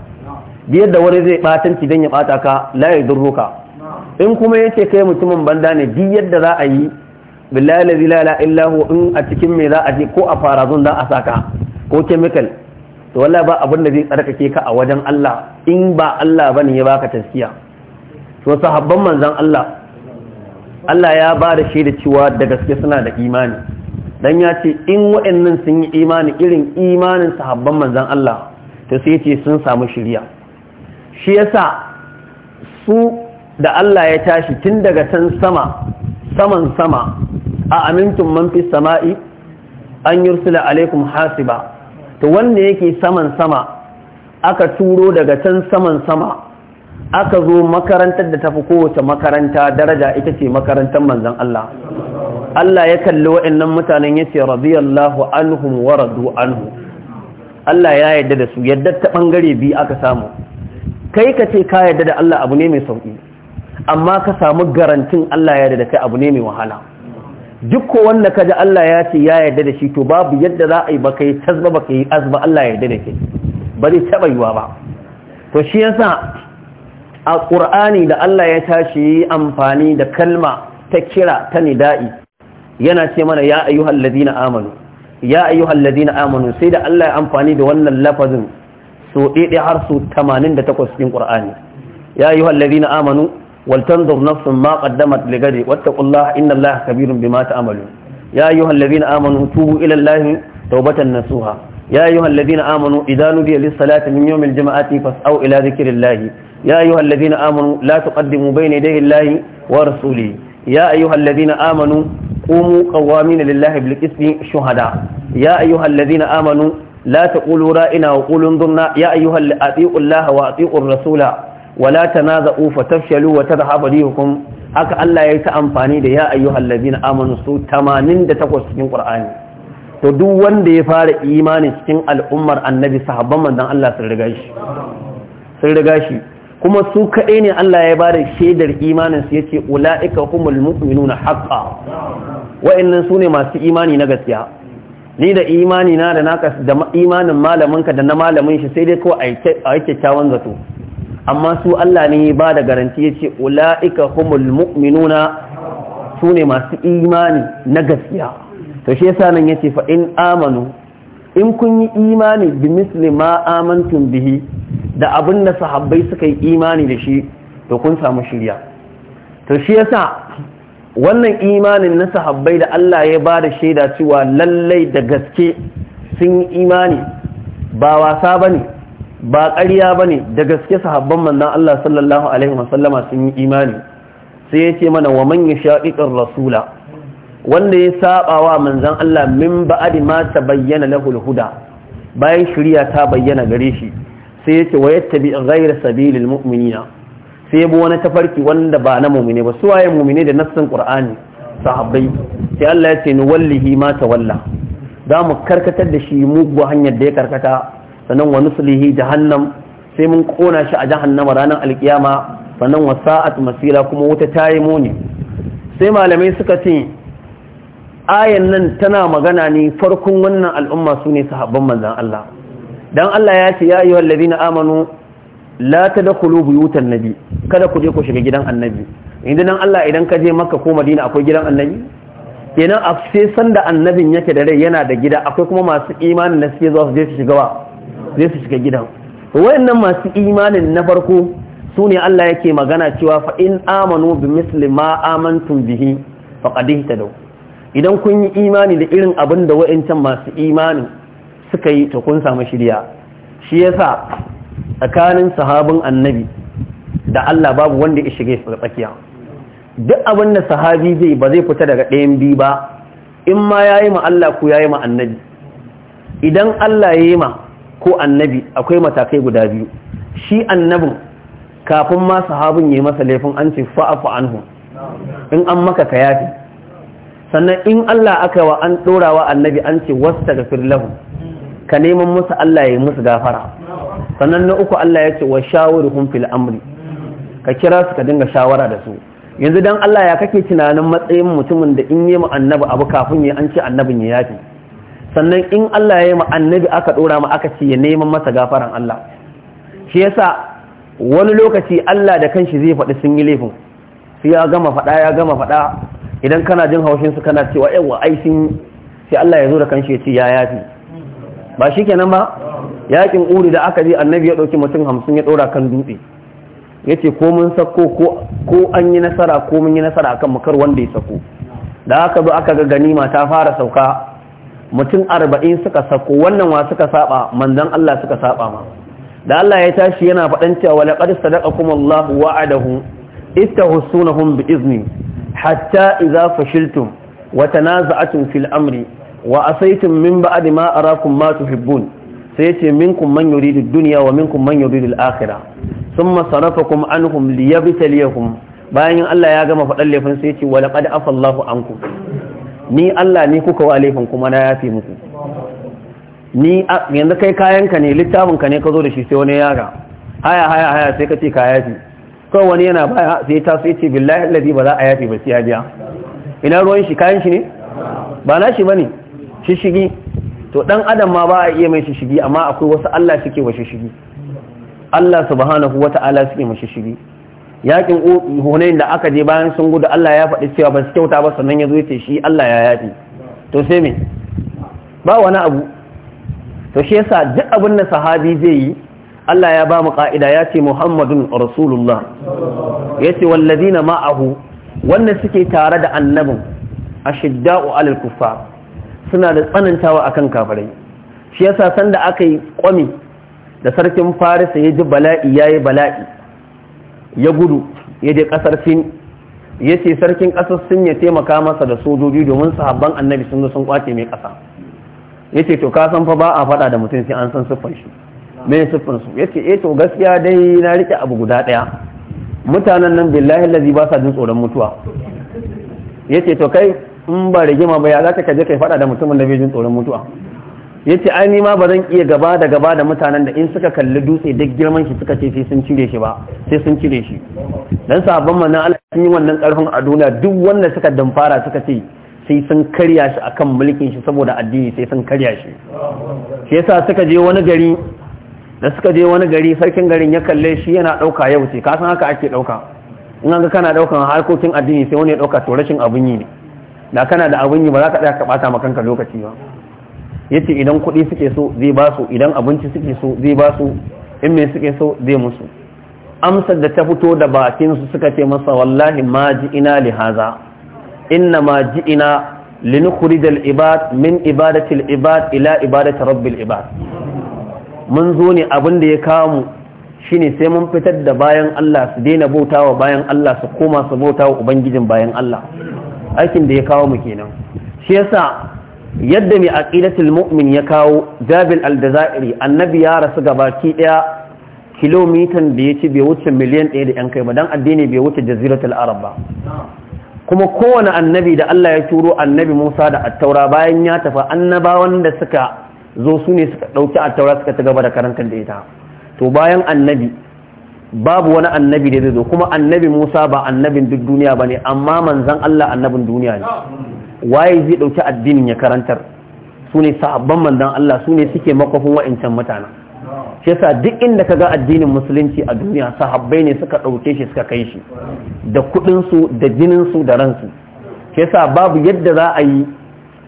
da yadda wani zai batanci don ya bata ka layi ya durruka in kuma yace kai mutumin banda ne biyar yadda za a yi billahi la ilaha in a cikin mai za a je ko a fara farazon za a sa ka ko chemical to wallahi ba abin da zai tsarkake ka a wajen Allah in ba Allah bane ya baka taskiya to sahabban manzon Allah Allah ya ba da shaida cewa da gaske suna da imani dan ya ce in waɗannan sun yi imani irin imanin sahabban manzan Allah to sai ce sun samu shiriya shi yasa su da Allah ya tashi tun daga can sama saman sama a amintun man fi sama'i an yursila alaikum hasiba to wanda yake saman sama aka turo daga can saman sama aka zo makarantar da tafi kowace makaranta daraja ita ce makarantar manzon Allah Allah ya kalli waɗannan mutanen ya ce radiyallahu anhum wa radu anhu Allah ya yarda da su yadda ta bangare biyu aka samu kai ka ce ka yarda da Allah abu ne mai sauki amma ka samu garantin Allah ya yarda da kai abu ne mai wahala duk ko wanda kaji Allah ya ce ya yarda da shi to babu yadda za a yi ba kai tasba ba kai azba Allah ya yarda da kai ba zai taba yiwa ba to shi yasa a Qur'ani da Allah ya tashi amfani da kalma ta kira ta nida'i yana ce mana ya ayyuhal ladina amanu ya ayyuhal ladina amanu sai da Allah ya amfani da wannan lafazin so ɗaiɗai har su 88 cikin ƙur'ani ya yi hallari na amanu waltan zurna su ma ƙaddama ligari wata ƙulla inna Allah kabiru bi mata amalu ya yi hallari amanu tubu ilallahi taubatan nasuha ya yi hallari na amanu idan nubi a lissa lati min yomil jama'ati fas au ila zikirin lahi ya yi hallari amanu la ta ƙaddimu bai ne dai lahi wa rasuli ya yi hallari na amanu kumu ƙawami na lillahi bilkisi shuhada ya yi hallari na amanu Lata ƙulura ina wa qulu dunna ya ayyuhal atiiu Allah wa atiiu rasula wa la tanaza'u fatafshalu wa tadhhabu rihukum haka Allah ya ta amfani da ya ayyuhal ladina amanu su 88 cikin Qur'ani to duk wanda ya fara imani cikin al'ummar annabi sahabban manzon Allah sun riga shi kuma su kaɗai ne Allah ya bada shaidar imaninsu ya ce ula'ika humul mu'minuna haqqa wa'annan su ne masu imani na gaskiya ni da imani na da naka da imanin malaminka da na malamin shi sai dai ko a yi kyakkyawan zato amma su Allah ne ba da garanti ya ce ula'ika humul mu'minuna su ne masu imani na gaskiya to shi yasa nan yace fa in amanu in kun yi imani bi misli ma amantum bihi da abin da sahabbai suka yi imani da shi to kun samu shirya to shi yasa wannan imanin na sahabbai da Allah ya ba da shaida cewa lallai da gaske sun yi imani ba wasa ba ne ba ƙarya ba ne da gaske sahabban mannan Allah sallallahu Alaihi wasallama sun yi imani sai ya ce mana wa manya sha'iƙin rasula wanda ya saba wa manzan Allah min ba'adi ma ta bayyana lahul huda bayan shirya ta bayyana gare shi sai ya ce wa in ghayra sabilil mu'minina sai bu wani tafarki wanda ba na mumine ba su waye mumine da nassin qur'ani sahabbai sai Allah ya ce ni wallahi ma tawalla za mu karkatar da shi mugu hanyar da ya karkata sannan wa nuslihi jahannam sai mun kona shi a jahannama ranar alkiyama sannan wa sa'at masira kuma wuta tayi muni sai malamai suka ce ayan nan tana magana ne farkon wannan al'umma su ne sahabban manzon Allah dan Allah ya ce ya ayyuhallazina amanu la kulu buyutan nabi kada ku je ku shiga gidan annabi inda nan Allah idan ka je makka ko madina akwai gidan annabi kenan a sai da annabin yake da rai yana da gida akwai kuma masu imanin da suke zuwa su je su shiga ba zai su shiga gidan wayannan masu imanin na farko su ne Allah yake magana cewa fa in amanu bi misli ma amantum bihi faqad ihtadaw idan kun yi imani da irin abin da wayancan masu imani suka yi to kun samu shirya shi yasa tsakanin sahabin annabi da Allah babu wanda ya shige su tsakiya duk abin da sahabi zai ba zai fita daga ɗayan biyu ba in ma yi ma Allah ko yi ma annabi idan Allah ya yi ma ko annabi akwai matakai guda biyu shi annabin kafin ma sahabin ya yi masa laifin an ce fa'afu anhu in an maka ka yafi sannan in Allah aka wa an dorawa annabi an ce wasu daga firlahu ka neman musu Allah ya yi musu gafara sannan na uku Allah ya ce wa kun fil amri ka kira su ka dinga shawara da su yanzu dan Allah ya kake tunanin matsayin mutumin da in yi mu annabi abu kafin ya an ce annabin ya yafi sannan in Allah ya yi mu annabi aka dora mu aka ce ya neman masa gafaran Allah shi yasa wani lokaci Allah da kanshi zai faɗi sun yi laifin sai ya gama faɗa ya gama faɗa idan kana jin haushin su kana cewa yawa ai sun sai Allah ya zo da kanshi ya ce ya yafi ba shi shikenan ba yakin uri da aka je annabi ya ɗauki mutum hamsin ya ɗora kan dutse ya ce ko mun sako ko an yi nasara ko mun yi nasara akan mukar wanda ya sako da aka zo aka ga ganima ta fara sauka mutum arba'in suka sako wannan wa suka saba manzan Allah suka saba ma da Allah ya tashi yana faɗan cewa laqad sadaqakum Allahu wa'adahu istahsunahum bi'izni hatta idza fashiltum wa tanaza'tum fil amri wa asaytum min ba'di ma arakum ma tuhibbun sai yace minkum man yuridu dunya wa minkum man yuridu al-akhirah thumma sarafakum anhum liyabtaliyakum bayan Allah ya gama faɗan laifin sai ce wa laqad afa Allahu ankum ni Allah ni kuka wa laifin kuma na yafi muku ni yanzu kai kayanka ne littafin ka ne ka zo da shi sai wani yara haya haya haya sai ka ce ka yafi kai wani yana baya sai ta sai ce billahi allazi ba za a yafi ba sai ya biya ina ruwan shi kayan shi ne ba na shi bane shi shigi to dan adam ma ba a iya mai shishigi amma akwai wasu Allah suke wa shishigi Allah subhanahu wata'ala suke mashi shishigi. yakin hunain da aka je bayan sun gudu Allah ya faɗi cewa ba su kyauta ba sannan ya zo ce shi Allah ya yafi to sai me ba wani abu to shi yasa duk abin da sahabi zai yi Allah ya ba mu ka'ida ya ce Muhammadun Rasulullah ya ce wallazina ma'ahu wanda suke tare da annabin ashidda'u alal kuffar suna da tsanantawa akan kafirai shi yasa sanda aka yi kwami da sarkin farisa ya ji bala'i ya yi bala'i ya gudu ya je kasar sin ya ce sarkin kasar sin ya taimaka masa da sojoji domin sahabban annabi sun zo sun kwace mai kasa ya ce to kasan fa ba a faɗa da mutum sai an san siffar shi mai siffar su ya ce eh to gaskiya dai na rike abu guda ɗaya mutanen nan billahi lazi ba sa jin tsoron mutuwa ya ce to kai in ba rigima ba ya za ka je kai fada da mutumin da bai jin tsoron mutuwa ya ce ai ma ba zan iya gaba da gaba da mutanen da in suka kalli dutse duk girman shi suka ce sai sun cire shi ba sai sun cire shi dan sabon manan Allah sun yi wannan karfin a duniya duk wanda suka damfara suka ce sai sun karya shi akan mulkin shi saboda addini sai sun karya shi shi yasa suka je wani gari da suka je wani gari sarkin garin ya kalle shi yana ɗauka yau ce ka san haka ake ɗauka? in an ga kana daukan harkokin addini sai wani ya dauka to rashin abun yi ne da kana da abin yi ba za ka tsaya ka bata ma kanka lokaci ba yace idan kuɗi suke so zai ba su idan abinci suke so zai ba su in me suke so zai musu amsar da ta fito da bakin su suka ce masa wallahi ma ina li haza inna ma ji ji'ina linukhrijal ibad min ibadati al ibad ila ibadati rabbil ibad mun zo ne abin da ya kawo mu shine sai mun fitar da bayan Allah su daina bautawa bayan Allah su koma su bautawa ubangijin bayan Allah aikin da ya kawo mu kenan shi yasa yadda mai aqidatul mu'min ya kawo jabil al dazairi annabi ya rasu gabaki daya kilomitan da ya ci bai wuce miliyan 1 da yan kai ba dan addini bai wuce jaziratul arab ba kuma kowane annabi da Allah ya turo annabi Musa da attaura bayan ya tafi annabawan da suka zo sune suka dauki attaura suka ta gaba da karantar da ita to bayan annabi babu wani annabi da zai zo kuma annabi Musa ba annabin duk duniya ba ne amma manzan Allah annabin duniya ne waye zai ɗauki addinin ya karantar su ne sahabban manzan Allah sune ne suke makwafin wa'incan mutanen shi yasa duk inda ka ga addinin musulunci a duniya sahabbai ne suka ɗauke shi suka kai shi da kuɗinsu da jininsu da ransu shi yasa babu yadda za a yi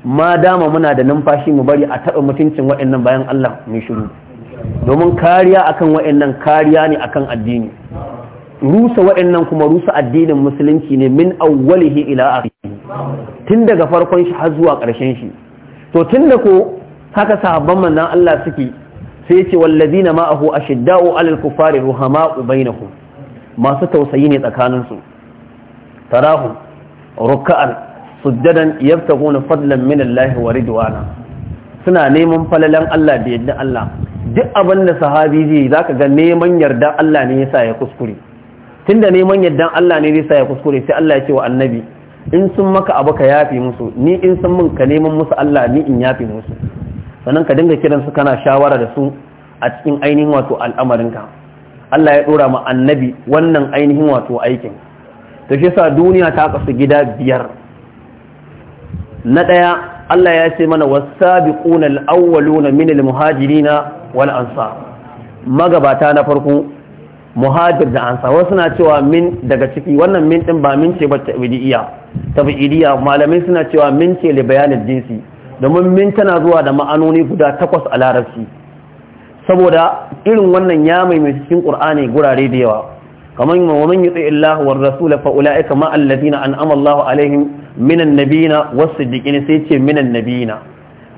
ma dama muna da numfashi mu bari a taɓa mutuncin waɗannan bayan Allah mai shiru domin kariya akan wa'annan kariya ne akan addini rusa wa'annan kuma rusa addinin musulunci ne min awwalihi ila akhirih tun daga farkon shi har zuwa ƙarshen shi to tun da ko haka sahabban manzon Allah suke sai ce wallazina ma'ahu ashidda'u 'alal kufari ruhama'u bainakum masu tausayi ne tsakanin su tarahu ruk'an sujjadan yabtaguna fadlan min Allah wa ridwana suna neman falalan Allah da yaddan Allah duk abin da sahabi zai za ka ga neman yarda Allah ne yasa ya kuskure tunda neman yarda Allah ne sa ya kuskure sai Allah ya ce wa annabi in sun maka abu ka yafi musu ni in sun min ka neman musu Allah ni in yafi musu sannan ka dinga kiran su kana shawara da su a cikin ainihin wato al'amarinka Allah ya dora ma annabi wannan ainihin wato aikin to shi yasa duniya ta kasu gida biyar na ɗaya Allah ya ce mana wasu sabi al-awwaluna min al-muhajirina wal ansar magabata na farko muhajir da ansar wasu na cewa min daga ciki wannan min din ba min ce ba tabi'iyya tabi'iyya malamai suna cewa min ce li bayanin jinsi domin min tana zuwa da ma'anoni guda takwas a larabci saboda irin wannan ya mai cikin qur'ani gurare da yawa kamar wa man yuti illahu war rasul fa ulaika ma alladhina an'ama Allahu alaihim minan nabiyina was siddiqin sai ce minan nabiyina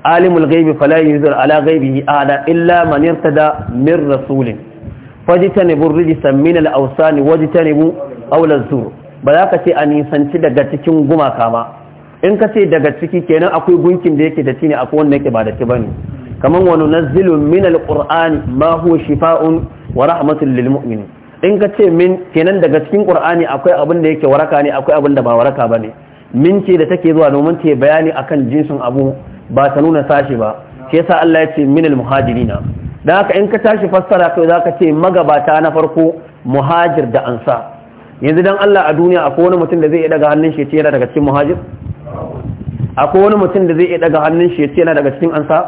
alimul gaibi fala ala ala ghaibihi ahada illa man irtada min rasulin fajtanibu rijsan min al-awsan wajtanibu awla zur ba za ka ce a nisanci daga cikin gumaka ma in ka ce daga ciki kenan akwai gunkin da yake da ne akwai wanda yake ba da ci bane kaman wa nunazzilu min al-qur'ani ma huwa shifaa'un wa rahmatun lil mu'minin in ka ce min kenan daga cikin qur'ani akwai abin da yake waraka ne akwai abin da ba waraka bane min ce da take zuwa domin ta bayani akan jinsin abu ba ta nuna sashi ba ke sa Allah ya ce minal muhajirina Da haka in ka tashi fassara kai ka ce magabata na farko muhajir da ansa yanzu dan Allah a duniya akwai wani mutum da zai iya daga hannun shi yana daga cikin muhajir akwai wani mutum da zai iya daga hannun shi yana daga cikin ansa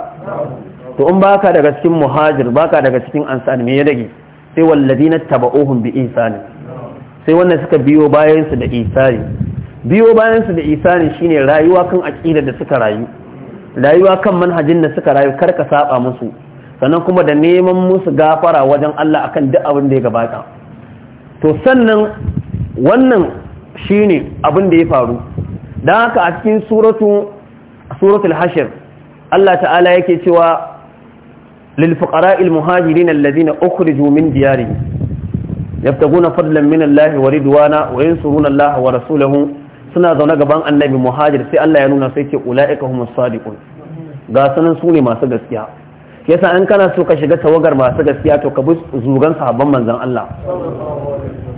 to in baka daga cikin muhajir baka daga cikin ansa me ya dage sai walladina taba'uhum bi ihsani sai wannan suka biyo bayan su da ihsani biyo bayan su da ihsani shine rayuwa kan aqida da suka rayu rayuwa kan manhajin da suka rayu kar ka saba musu sannan kuma da neman musu gafara wajen Allah akan duk abin da ya gabata to sannan wannan shine abin da ya faru Dan haka a cikin suratu suratul hashir Allah ta'ala yake cewa lil fuqara'il muhajirin alladhina ukhriju min diyarihim yabtaguna fadlan min Allah wa ridwana wa yansuruna Allah wa rasulahu suna zaune gaban annabi muhajir sai Allah ya nuna sai ce ula'ika humus sadiqun ga sanan su ne masu gaskiya yasa an kana so ka shiga tawagar masu gaskiya to ka bi zugan sahabban manzan Allah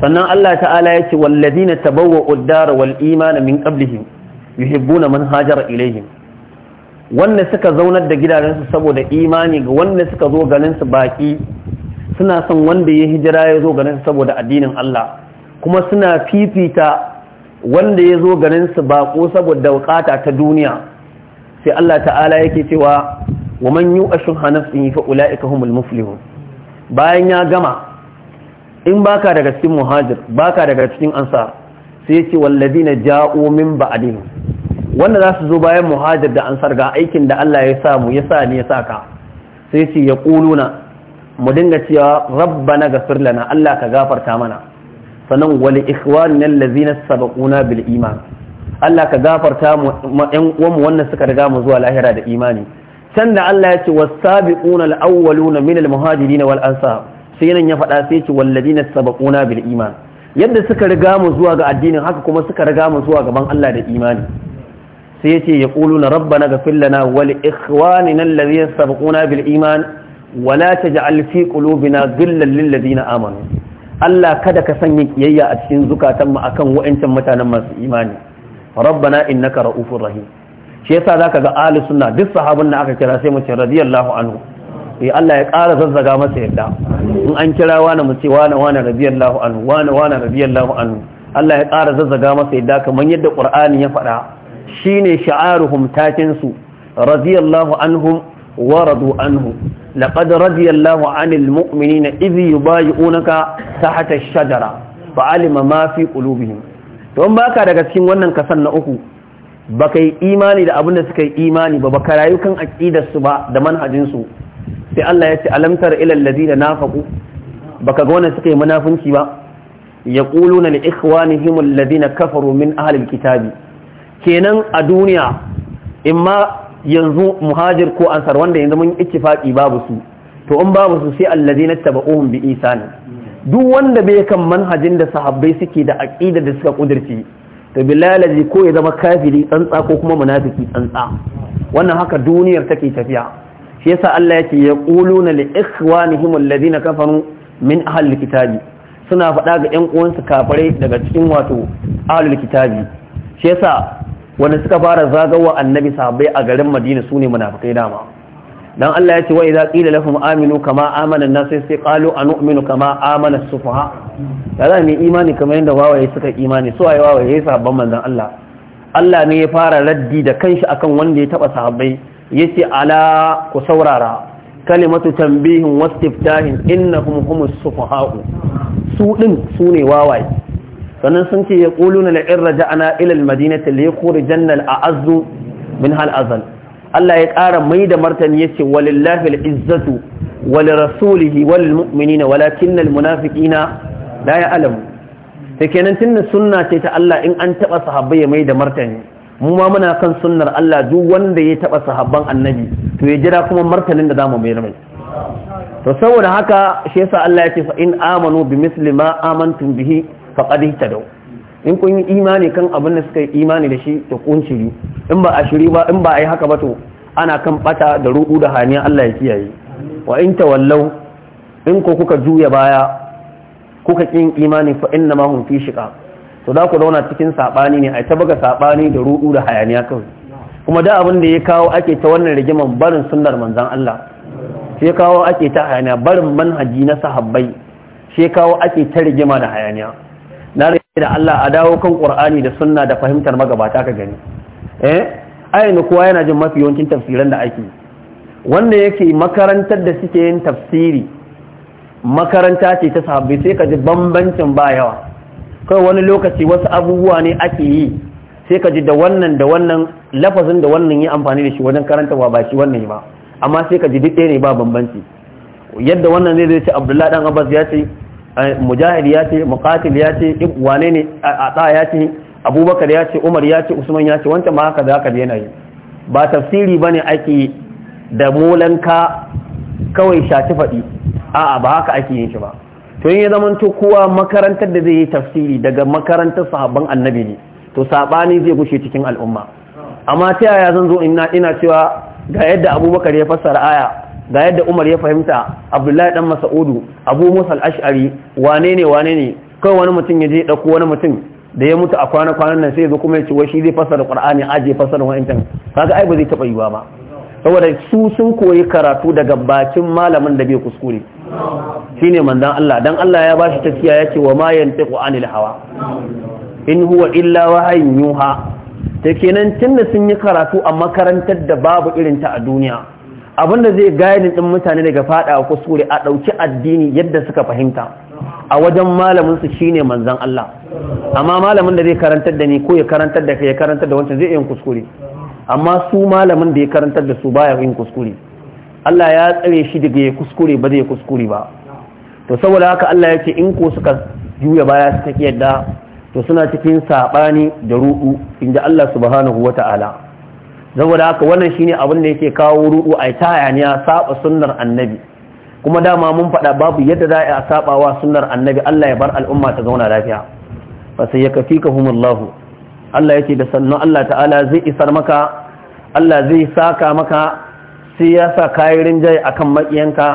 sannan Allah ta'ala ya ce walladina tabawwa'u ad-dara wal imana min qablihim yuhibbuna man hajara ilayhim wanda suka zaunar da gidajensu saboda imani ga wanda suka zo ganin su baki suna son wanda ya hijira ya zo ganin saboda addinin Allah kuma suna fifita wanda ya zo ganin su baƙo saboda bukata ta duniya sai Allah ta'ala yake cewa wa man yu ashuha nafsihi fa ulaika humul muflihun bayan ya gama in baka daga cikin muhajir baka daga cikin ansar sai yace ladina ja'u min ba'dihim wanda za su zo bayan muhajir da ansar ga aikin da Allah ya sa mu ya sa ni ya sa ka, sai yace yaquluna mu dinga cewa rabbana ghafir lana Allah ka gafarta mana sannan wal ikhwanina na sabaquna bil iman Allah ka gafarta mu ƴan uwanmu wannan suka riga mu zuwa lahira da imani sanda Allah ya ce was-sabiquna al-awwaluna min al-muhajirin wal ansar sai nan ya faɗa sai ce walladina sabaquna bil iman yadda suka riga mu zuwa ga addinin haka kuma suka riga mu zuwa gaban Allah da imani sai ya ce na rabbana ghfir lana wa li ikhwanina alladhina sabaquna bil iman wa taj'al fi qulubina ghillan lil ladina amanu Allah kada ka sanya kiyayya a cikin zukatan mu akan wa'ancan mutanen masu imani rabbana innaka ra'ufur rahim shi yasa zaka ga ahli sunna duk sahabban da aka kira sai mu ce radiyallahu anhu eh Allah ya ƙara zazzaga masa yadda in an kira wani mu ce wani wani radiyallahu anhu wani wani radiyallahu anhu Allah ya ƙara zazzaga masa yadda kamar yadda Qur'ani ya faɗa shine sha'aruhum takin su radiyallahu anhum waradu anhu laqad radiyallahu anil mu'minina idh yubayi'unaka tahta ash-shajara fa'alima ma fi qulubihim don baka daga cikin wannan kasan na uku baka yi imani da abin da suka yi imani ba baka rayu kan aqidar su ba da manhajin su sai Allah ya ce alamtar ila alladhina nafaqu baka ga wannan suka yi munafunci ba yaquluna li ikhwanihim alladhina kafaru min ahli alkitabi kenan a duniya imma yanzu muhajir ko ansar wanda yanzu mun ittifaqi babu su to in babu su sai alladina tabauhum bi isan duk wanda bai kan manhajin da sahabbai suke da aqida da suka kudirci to billahi ko ya zama kafiri tsantsa ko kuma munafiki tsantsa wannan haka duniyar take tafiya shi yasa Allah yake quluna li ikhwanihim alladina kafaru min ahli kitabi suna faɗa ga ƴan uwansu kafirai daga cikin wato ahli kitabi shi yasa wanda suka fara zagawa annabi sahabbai a garin madina su ne munafikai dama dan Allah ya ce wa idza qila lahum aminu kama amana an-nas sai qalu anu'minu kama amana as-sufaha yalla mai imani kamar yanda wawaye suka imani so ai wawaye sahabban manzon Allah Allah ne ya fara raddi da kanshi akan wanda ya taba sahabbai yace ala ku saurara kalimatu tanbihin wastiftahin innahum humus sufaha'u su din su ne wawaye sannan sun ce ya ƙuluna la in raja'ana ila al-madinati la yukhrijanna a aazzu min hal azal Allah ya ƙara mai da martani yace walillahi al-izzatu wa li rasulihi wa lil mu'minina walakinna al-munafiqina la alamu. sai kenan tunna sunna ce ta Allah in an taba sahabbai ya mai da martani mu ma muna kan sunnar Allah duk wanda ya taba sahabban annabi to ya jira kuma martanin da za mu mai to saboda haka shi yasa Allah ya ce fa in amanu bi misli ma amantum bihi ta da in kun yi imani kan abin da suka yi imani da shi to kun shiri in ba a shiri ba in ba a yi haka ba to ana kan bata da ruɗu da haniya Allah ya kiyaye wa in ta wallau in ko kuka juya baya kuka kin imani fa inna ma hum fi shiqaq to da ku zauna cikin sabani ne ai ta buga sabani da ruɗu da hayaniya kawai kuma da abin da ya kawo ake ta wannan rigiman barin sunnar manzon Allah sai kawo ake ta hayaniya barin manhaji na sahabbai sai kawo ake ta rigima da hayaniya na rage da Allah a dawo kan Kur'ani da sunna da fahimtar magabata ka gani eh kowa yana jin mafi yawancin tafsiran da ake wanda yake makarantar da suke yin tafsiri makaranta ce ta sahabbai sai ka ji bambancin ba yawa kai wani lokaci wasu abubuwa ne ake yi sai ka ji da wannan da wannan lafazin da wannan yi amfani da shi wajen karantarwa ba shi wannan ba amma sai ka ji duk ɗaya ne ba bambanci yadda wannan zai zai ce abdullahi dan abbas ya ce Eh, mujahid ya ce muqatil ya ce wane ne ata ya ce abubakar ya ce umar ya ce usman ya ce wancan ma haka za ka yana yi ba tafsiri ba ne ake da molanka kawai shaci faɗi a'a ba haka ake yin shi ba to yin ya zama to kowa makarantar da zai yi tafsiri daga makarantar sahabban annabi ne to saɓani zai gushe cikin al'umma amma ta yaya zan zo ina ina cewa ga yadda abubakar ya fassara aya ga yadda umar ya fahimta abdullahi dan masa'udu abu musa al'ashari wane ne wane ne kai wani mutum ya je ɗauko wani mutum da ya mutu a kwana-kwanan nan sai ya zo kuma ya ce wai shi zai fassara qur'ani aje fassara intan kaga ai ba zai taba yiwa ba saboda su sun koyi karatu daga bakin malamin da bai kuskure shine manzon Allah dan Allah ya bashi tafiya ya ce wa ma yantiqu anil hawa in huwa illa wahayin yuha ta kenan tunda sun yi karatu a makarantar da babu irin ta a duniya da zai gani din mutane daga fada kuskure a dauki addini yadda suka fahimta a wajen malamin su shine manzon Allah amma malamin da zai karantar da ni ko ya karantar da kai ya karantar da wancan zai yin kuskure amma su malamin da ya karantar da su baya yin kuskure Allah ya tsare shi daga ya kuskure ba zai kuskure ba to saboda haka Allah ya ce in ko suka juya baya suka kiyarda to suna cikin sabani da rudu inda Allah subhanahu wata'ala saboda haka wannan shine abin da yake kawo rudu a ta hayaniya saba sunnar annabi kuma dama mun faɗa babu yadda za a saba wa sunnar annabi Allah ya bar al'umma ta zauna lafiya fa sai ya kafika humullahu Allah yake da sannan Allah ta'ala zai isar maka Allah zai saka maka sai ya sa kayirin jai akan makiyanka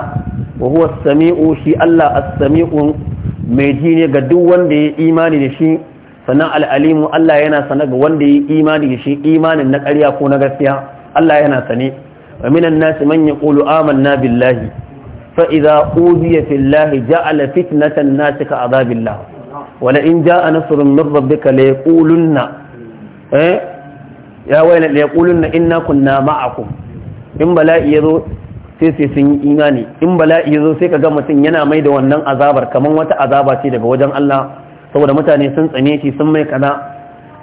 wa huwa samiu shi Allah as-sami'u mai ji ne ga duk wanda ya imani da shi sannan al'alimu Allah yana sana ga wanda yi imani da shi imanin na ƙarya ko na gaskiya Allah yana sane wa minan nasi man yaqulu amanna billahi Fa'iza, fa idza udiya fillahi ja'ala fitnatan nasi ka azabillah wa Wani in ja'a nasrun min rabbika la yaqulunna eh ya wayna la yaqulunna inna kunna ma'akum in bala'i ya zo sai sai sun yi imani in bala'i ya zo sai ka ga mutum yana mai da wannan azabar Kamar wata azaba ce daga wajen Allah saboda mutane sun tsane shi sun mai kana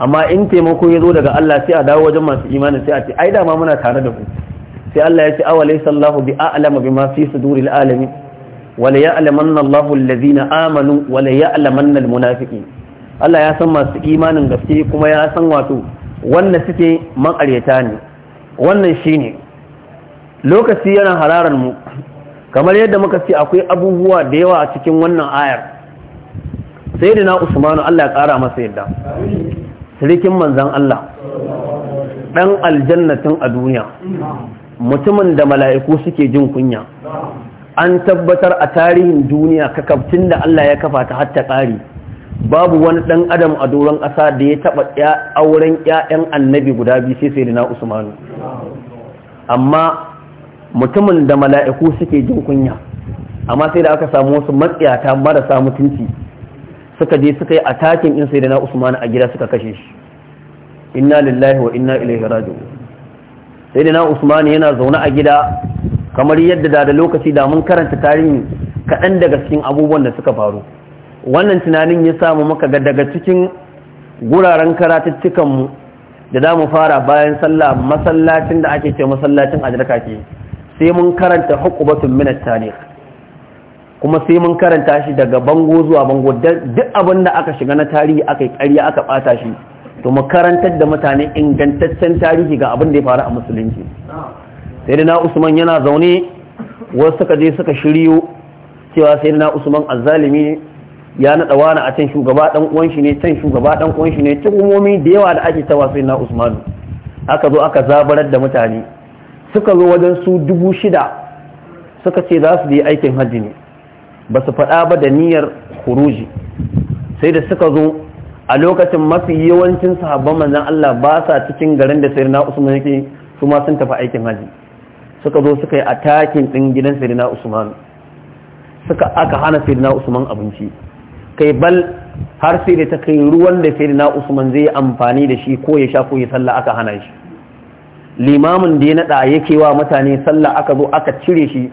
amma in taimako ya zo daga Allah sai a dawo wajen masu imani sai a ce ai dama muna tare da ku sai Allah ya ce awa laysa Allahu bi a'lama bima fi suduril alamin wa la ya'lamanna Allahu alladhina amanu wa la ya'lamanna almunafiqin Allah ya san masu imanin gaske kuma ya san wato wannan suke makaryata ne wannan shine lokaci yana hararar mu kamar yadda muka ce akwai abubuwa da yawa a cikin wannan ayar sai da na usmanu Allah ya ƙara masa yadda sirikin manzan Allah ɗan aljannatin a duniya mutumin da mala'iku suke jin kunya an tabbatar a tarihin duniya kakabcin da Allah ya kafa ta hatta ƙari babu wani ɗan adam a doron ƙasa da ya taɓa auren ‘ya'yan annabi guda biyu sai sai da na usmanu amma mutumin da mala'iku suke jin kunya amma sai da aka samu wasu matsiyata marasa mutunci suka je suka yi atakin in sai da na usman a gida suka kashe shi inna lillahi wa inna ilaihi raji'un sai da na usman yana zaune a gida kamar yadda da da lokaci da mun karanta tarihi kaɗan daga cikin abubuwan da suka faru wannan tunanin ya samu maka ga daga cikin guraren mu da za mu fara bayan sallah masallacin da ake ce masallacin adarka ke sai mun karanta hukubatun minat tarihi kuma sai mun karanta shi daga bango zuwa bango duk abin da aka shiga na tarihi aka yi ƙarya aka ɓata shi to mu karantar da mutane ingantaccen tarihi ga abin da ya faru a musulunci sai da na usman yana zaune wasu suka je suka shiryo cewa sai da na usman azzalimi ya naɗa wani a can shugaba ɗan uwan shi ne can shugaba ɗan uwan shi ne tuhumomi da yawa da ake tawa sai na usman aka zo aka zabarar da mutane suka zo wajen su dubu shida suka ce za su yi aikin hajji ne ba su faɗa ba da niyyar kuruji sai da suka zo a lokacin mafi yawancin sahabban manzan Allah ba sa cikin garin da sayyidina Usman yake su ma sun tafi aikin haji suka zo suka yi atakin ɗin gidan sayyidina Usman suka aka hana sayyidina Usman abinci kai bal har sai da ta kai ruwan da sayyidina Usman zai amfani da shi ko ya sha ko ya sallah aka hana shi limamin da ya naɗa yake wa mutane sallah aka zo aka cire shi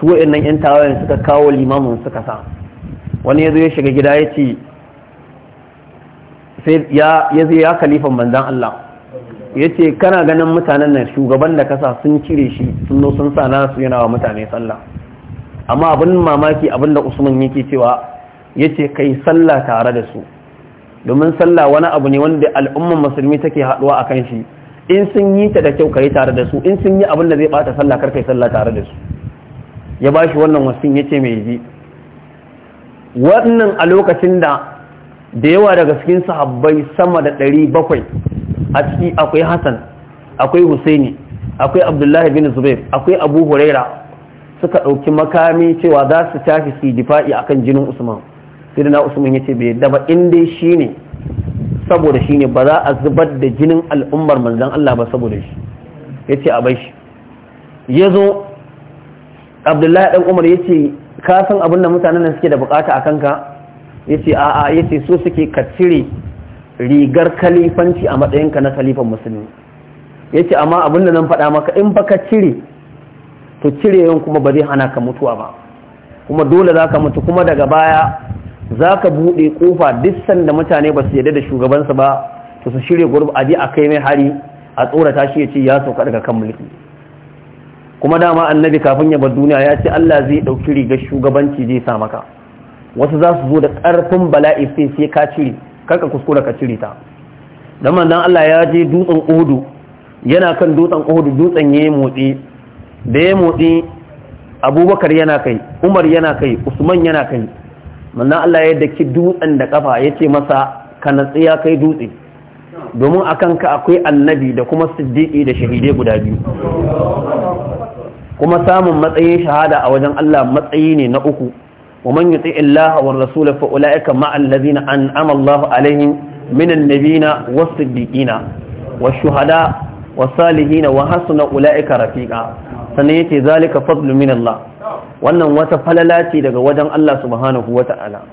su wa'annan yan tawayen suka kawo limamin suka sa wani ya zo ya shiga gida ya ce ya zai ya kalifan banzan Allah ya ce kana ganin mutanen nan shugaban da kasa sun cire shi sun no sun sa nasu yana wa mutane sallah amma abin mamaki abin da usman yake cewa ya ce kai sallah tare da su domin sallah wani abu ne wanda al'umman musulmi take haɗuwa a kan shi in sun yi ta da kyau ka tare da su in sun yi abin da zai bata sallah kar kai sallah tare da su ya ba shi wannan wasin ya yace mai ji wannan a lokacin da da yawa daga cikin sahabbai sama da ɗari bakwai a ciki akwai Hassan akwai Husaini akwai Abdullahi bin Zubair akwai Abu Huraira suka ɗauki makami cewa za su tafi su difa'i akan jinin Usman sai da na Usman ya yace bai daba inda in dai saboda saboda ne ba za a zubar da jinin al'ummar manzon Allah ba saboda shi ya ce a bai shi ya zo. abdullahi Ɗan umar yace ka san abin da mutanen nan suke da bukata kanka? Ya ce a a ce so suke ka cire rigar kalifanci a matsayinka na kalifan musulmi Ya ce amma abin da nan faɗa maka in baka cire to cire yau kuma ba zai hana ka mutuwa ba kuma dole za ka mutu kuma daga baya za ka buɗe ƙofa duk sanda mutane ba su yarda da shugabansa ba to su shirya gurbi je a kai mai hari a tsorata shi ya ce ya sauka daga kan mulki kuma dama annabi kafin ya bar duniya ya ce Allah zai ɗauki rigar shugabanci zai sa maka wasu za su zo da ƙarfin bala'i sai sai ka cire karka kuskura ka cire ta dan manzon Allah ya je dutsen Uhud yana kan dutsen Uhud dutsen yayi motsi da ya motsi Abubakar yana kai Umar yana kai Usman yana kai manzon Allah ya daki dutsen da kafa yace masa ka ya kai dutse domin akan ka akwai annabi da kuma siddiqi da shahide guda biyu kuma samun matsayin shahada a wajen Allah matsayi ne na uku wa man yuti Allah wa rasul fa ulaika ma allazina an'ama Allah alaihim min annabiyina was-siddiqina wash-shuhada was-salihina wa hasuna ulaika rafiqa sannan yace zalika fadlu min Allah wannan wata falala ce daga wajen Allah subhanahu ta'ala.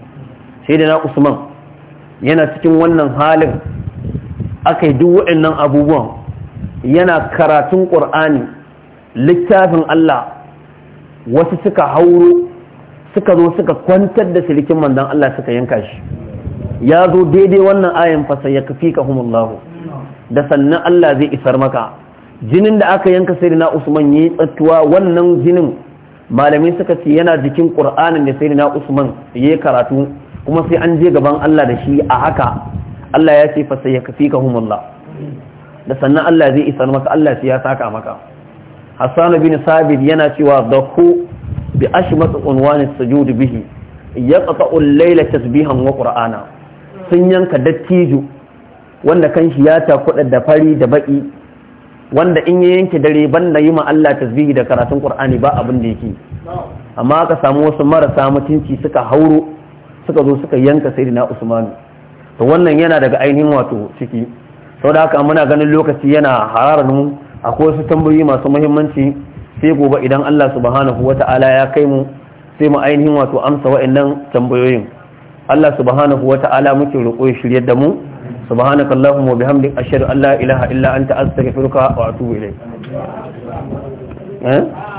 sai da na Usman yana cikin wannan halin aka yi duk waɗannan abubuwan yana karatun ƙur'ani littafin Allah wasu suka hauro suka zo suka kwantar da silikin manzan Allah suka yanka shi ya zo daidai wannan ayan fasa ya kafi ka humullahu da sannan Allah zai isar maka jinin da aka yanka Sayyidina Usman ya yi tsattuwa wannan jinin malamai suka ce yana jikin ƙur'anin da Sayyidina Usman ya yi karatu kuma sai an je gaban Allah da shi a haka Allah ya ce fasa ya kafi ka humullahu da sannan Allah zai isar maka Allah sai ya saka maka hassan bin sabit yana cewa dahu bi ashmat unwan sujud bihi yaqta al-layla tasbihan wa qur'ana sun yanka dattijo wanda kanshi ya takuda da fari da baki wanda in ya yanke dare banda yi ma Allah tasbihi da karatun qur'ani ba abin da yake amma aka samu wasu marasa mutunci suka hauro suka zo suka yanka sayyidina usman to wannan yana daga ainihin wato ciki saboda haka muna ganin lokaci yana hararar mu akwai wasu tambayoyi masu muhimmanci sai gobe idan Allah subhanahu wata'ala ya kai mu sai mu ainihin wato amsa wa'annan tambayoyin Allah subhanahu wata'ala muke roƙo ya shiryar da mu subhanaka allahumma wa bihamdik ashhadu an la ilaha illa anta astaghfiruka wa atubu ilayk eh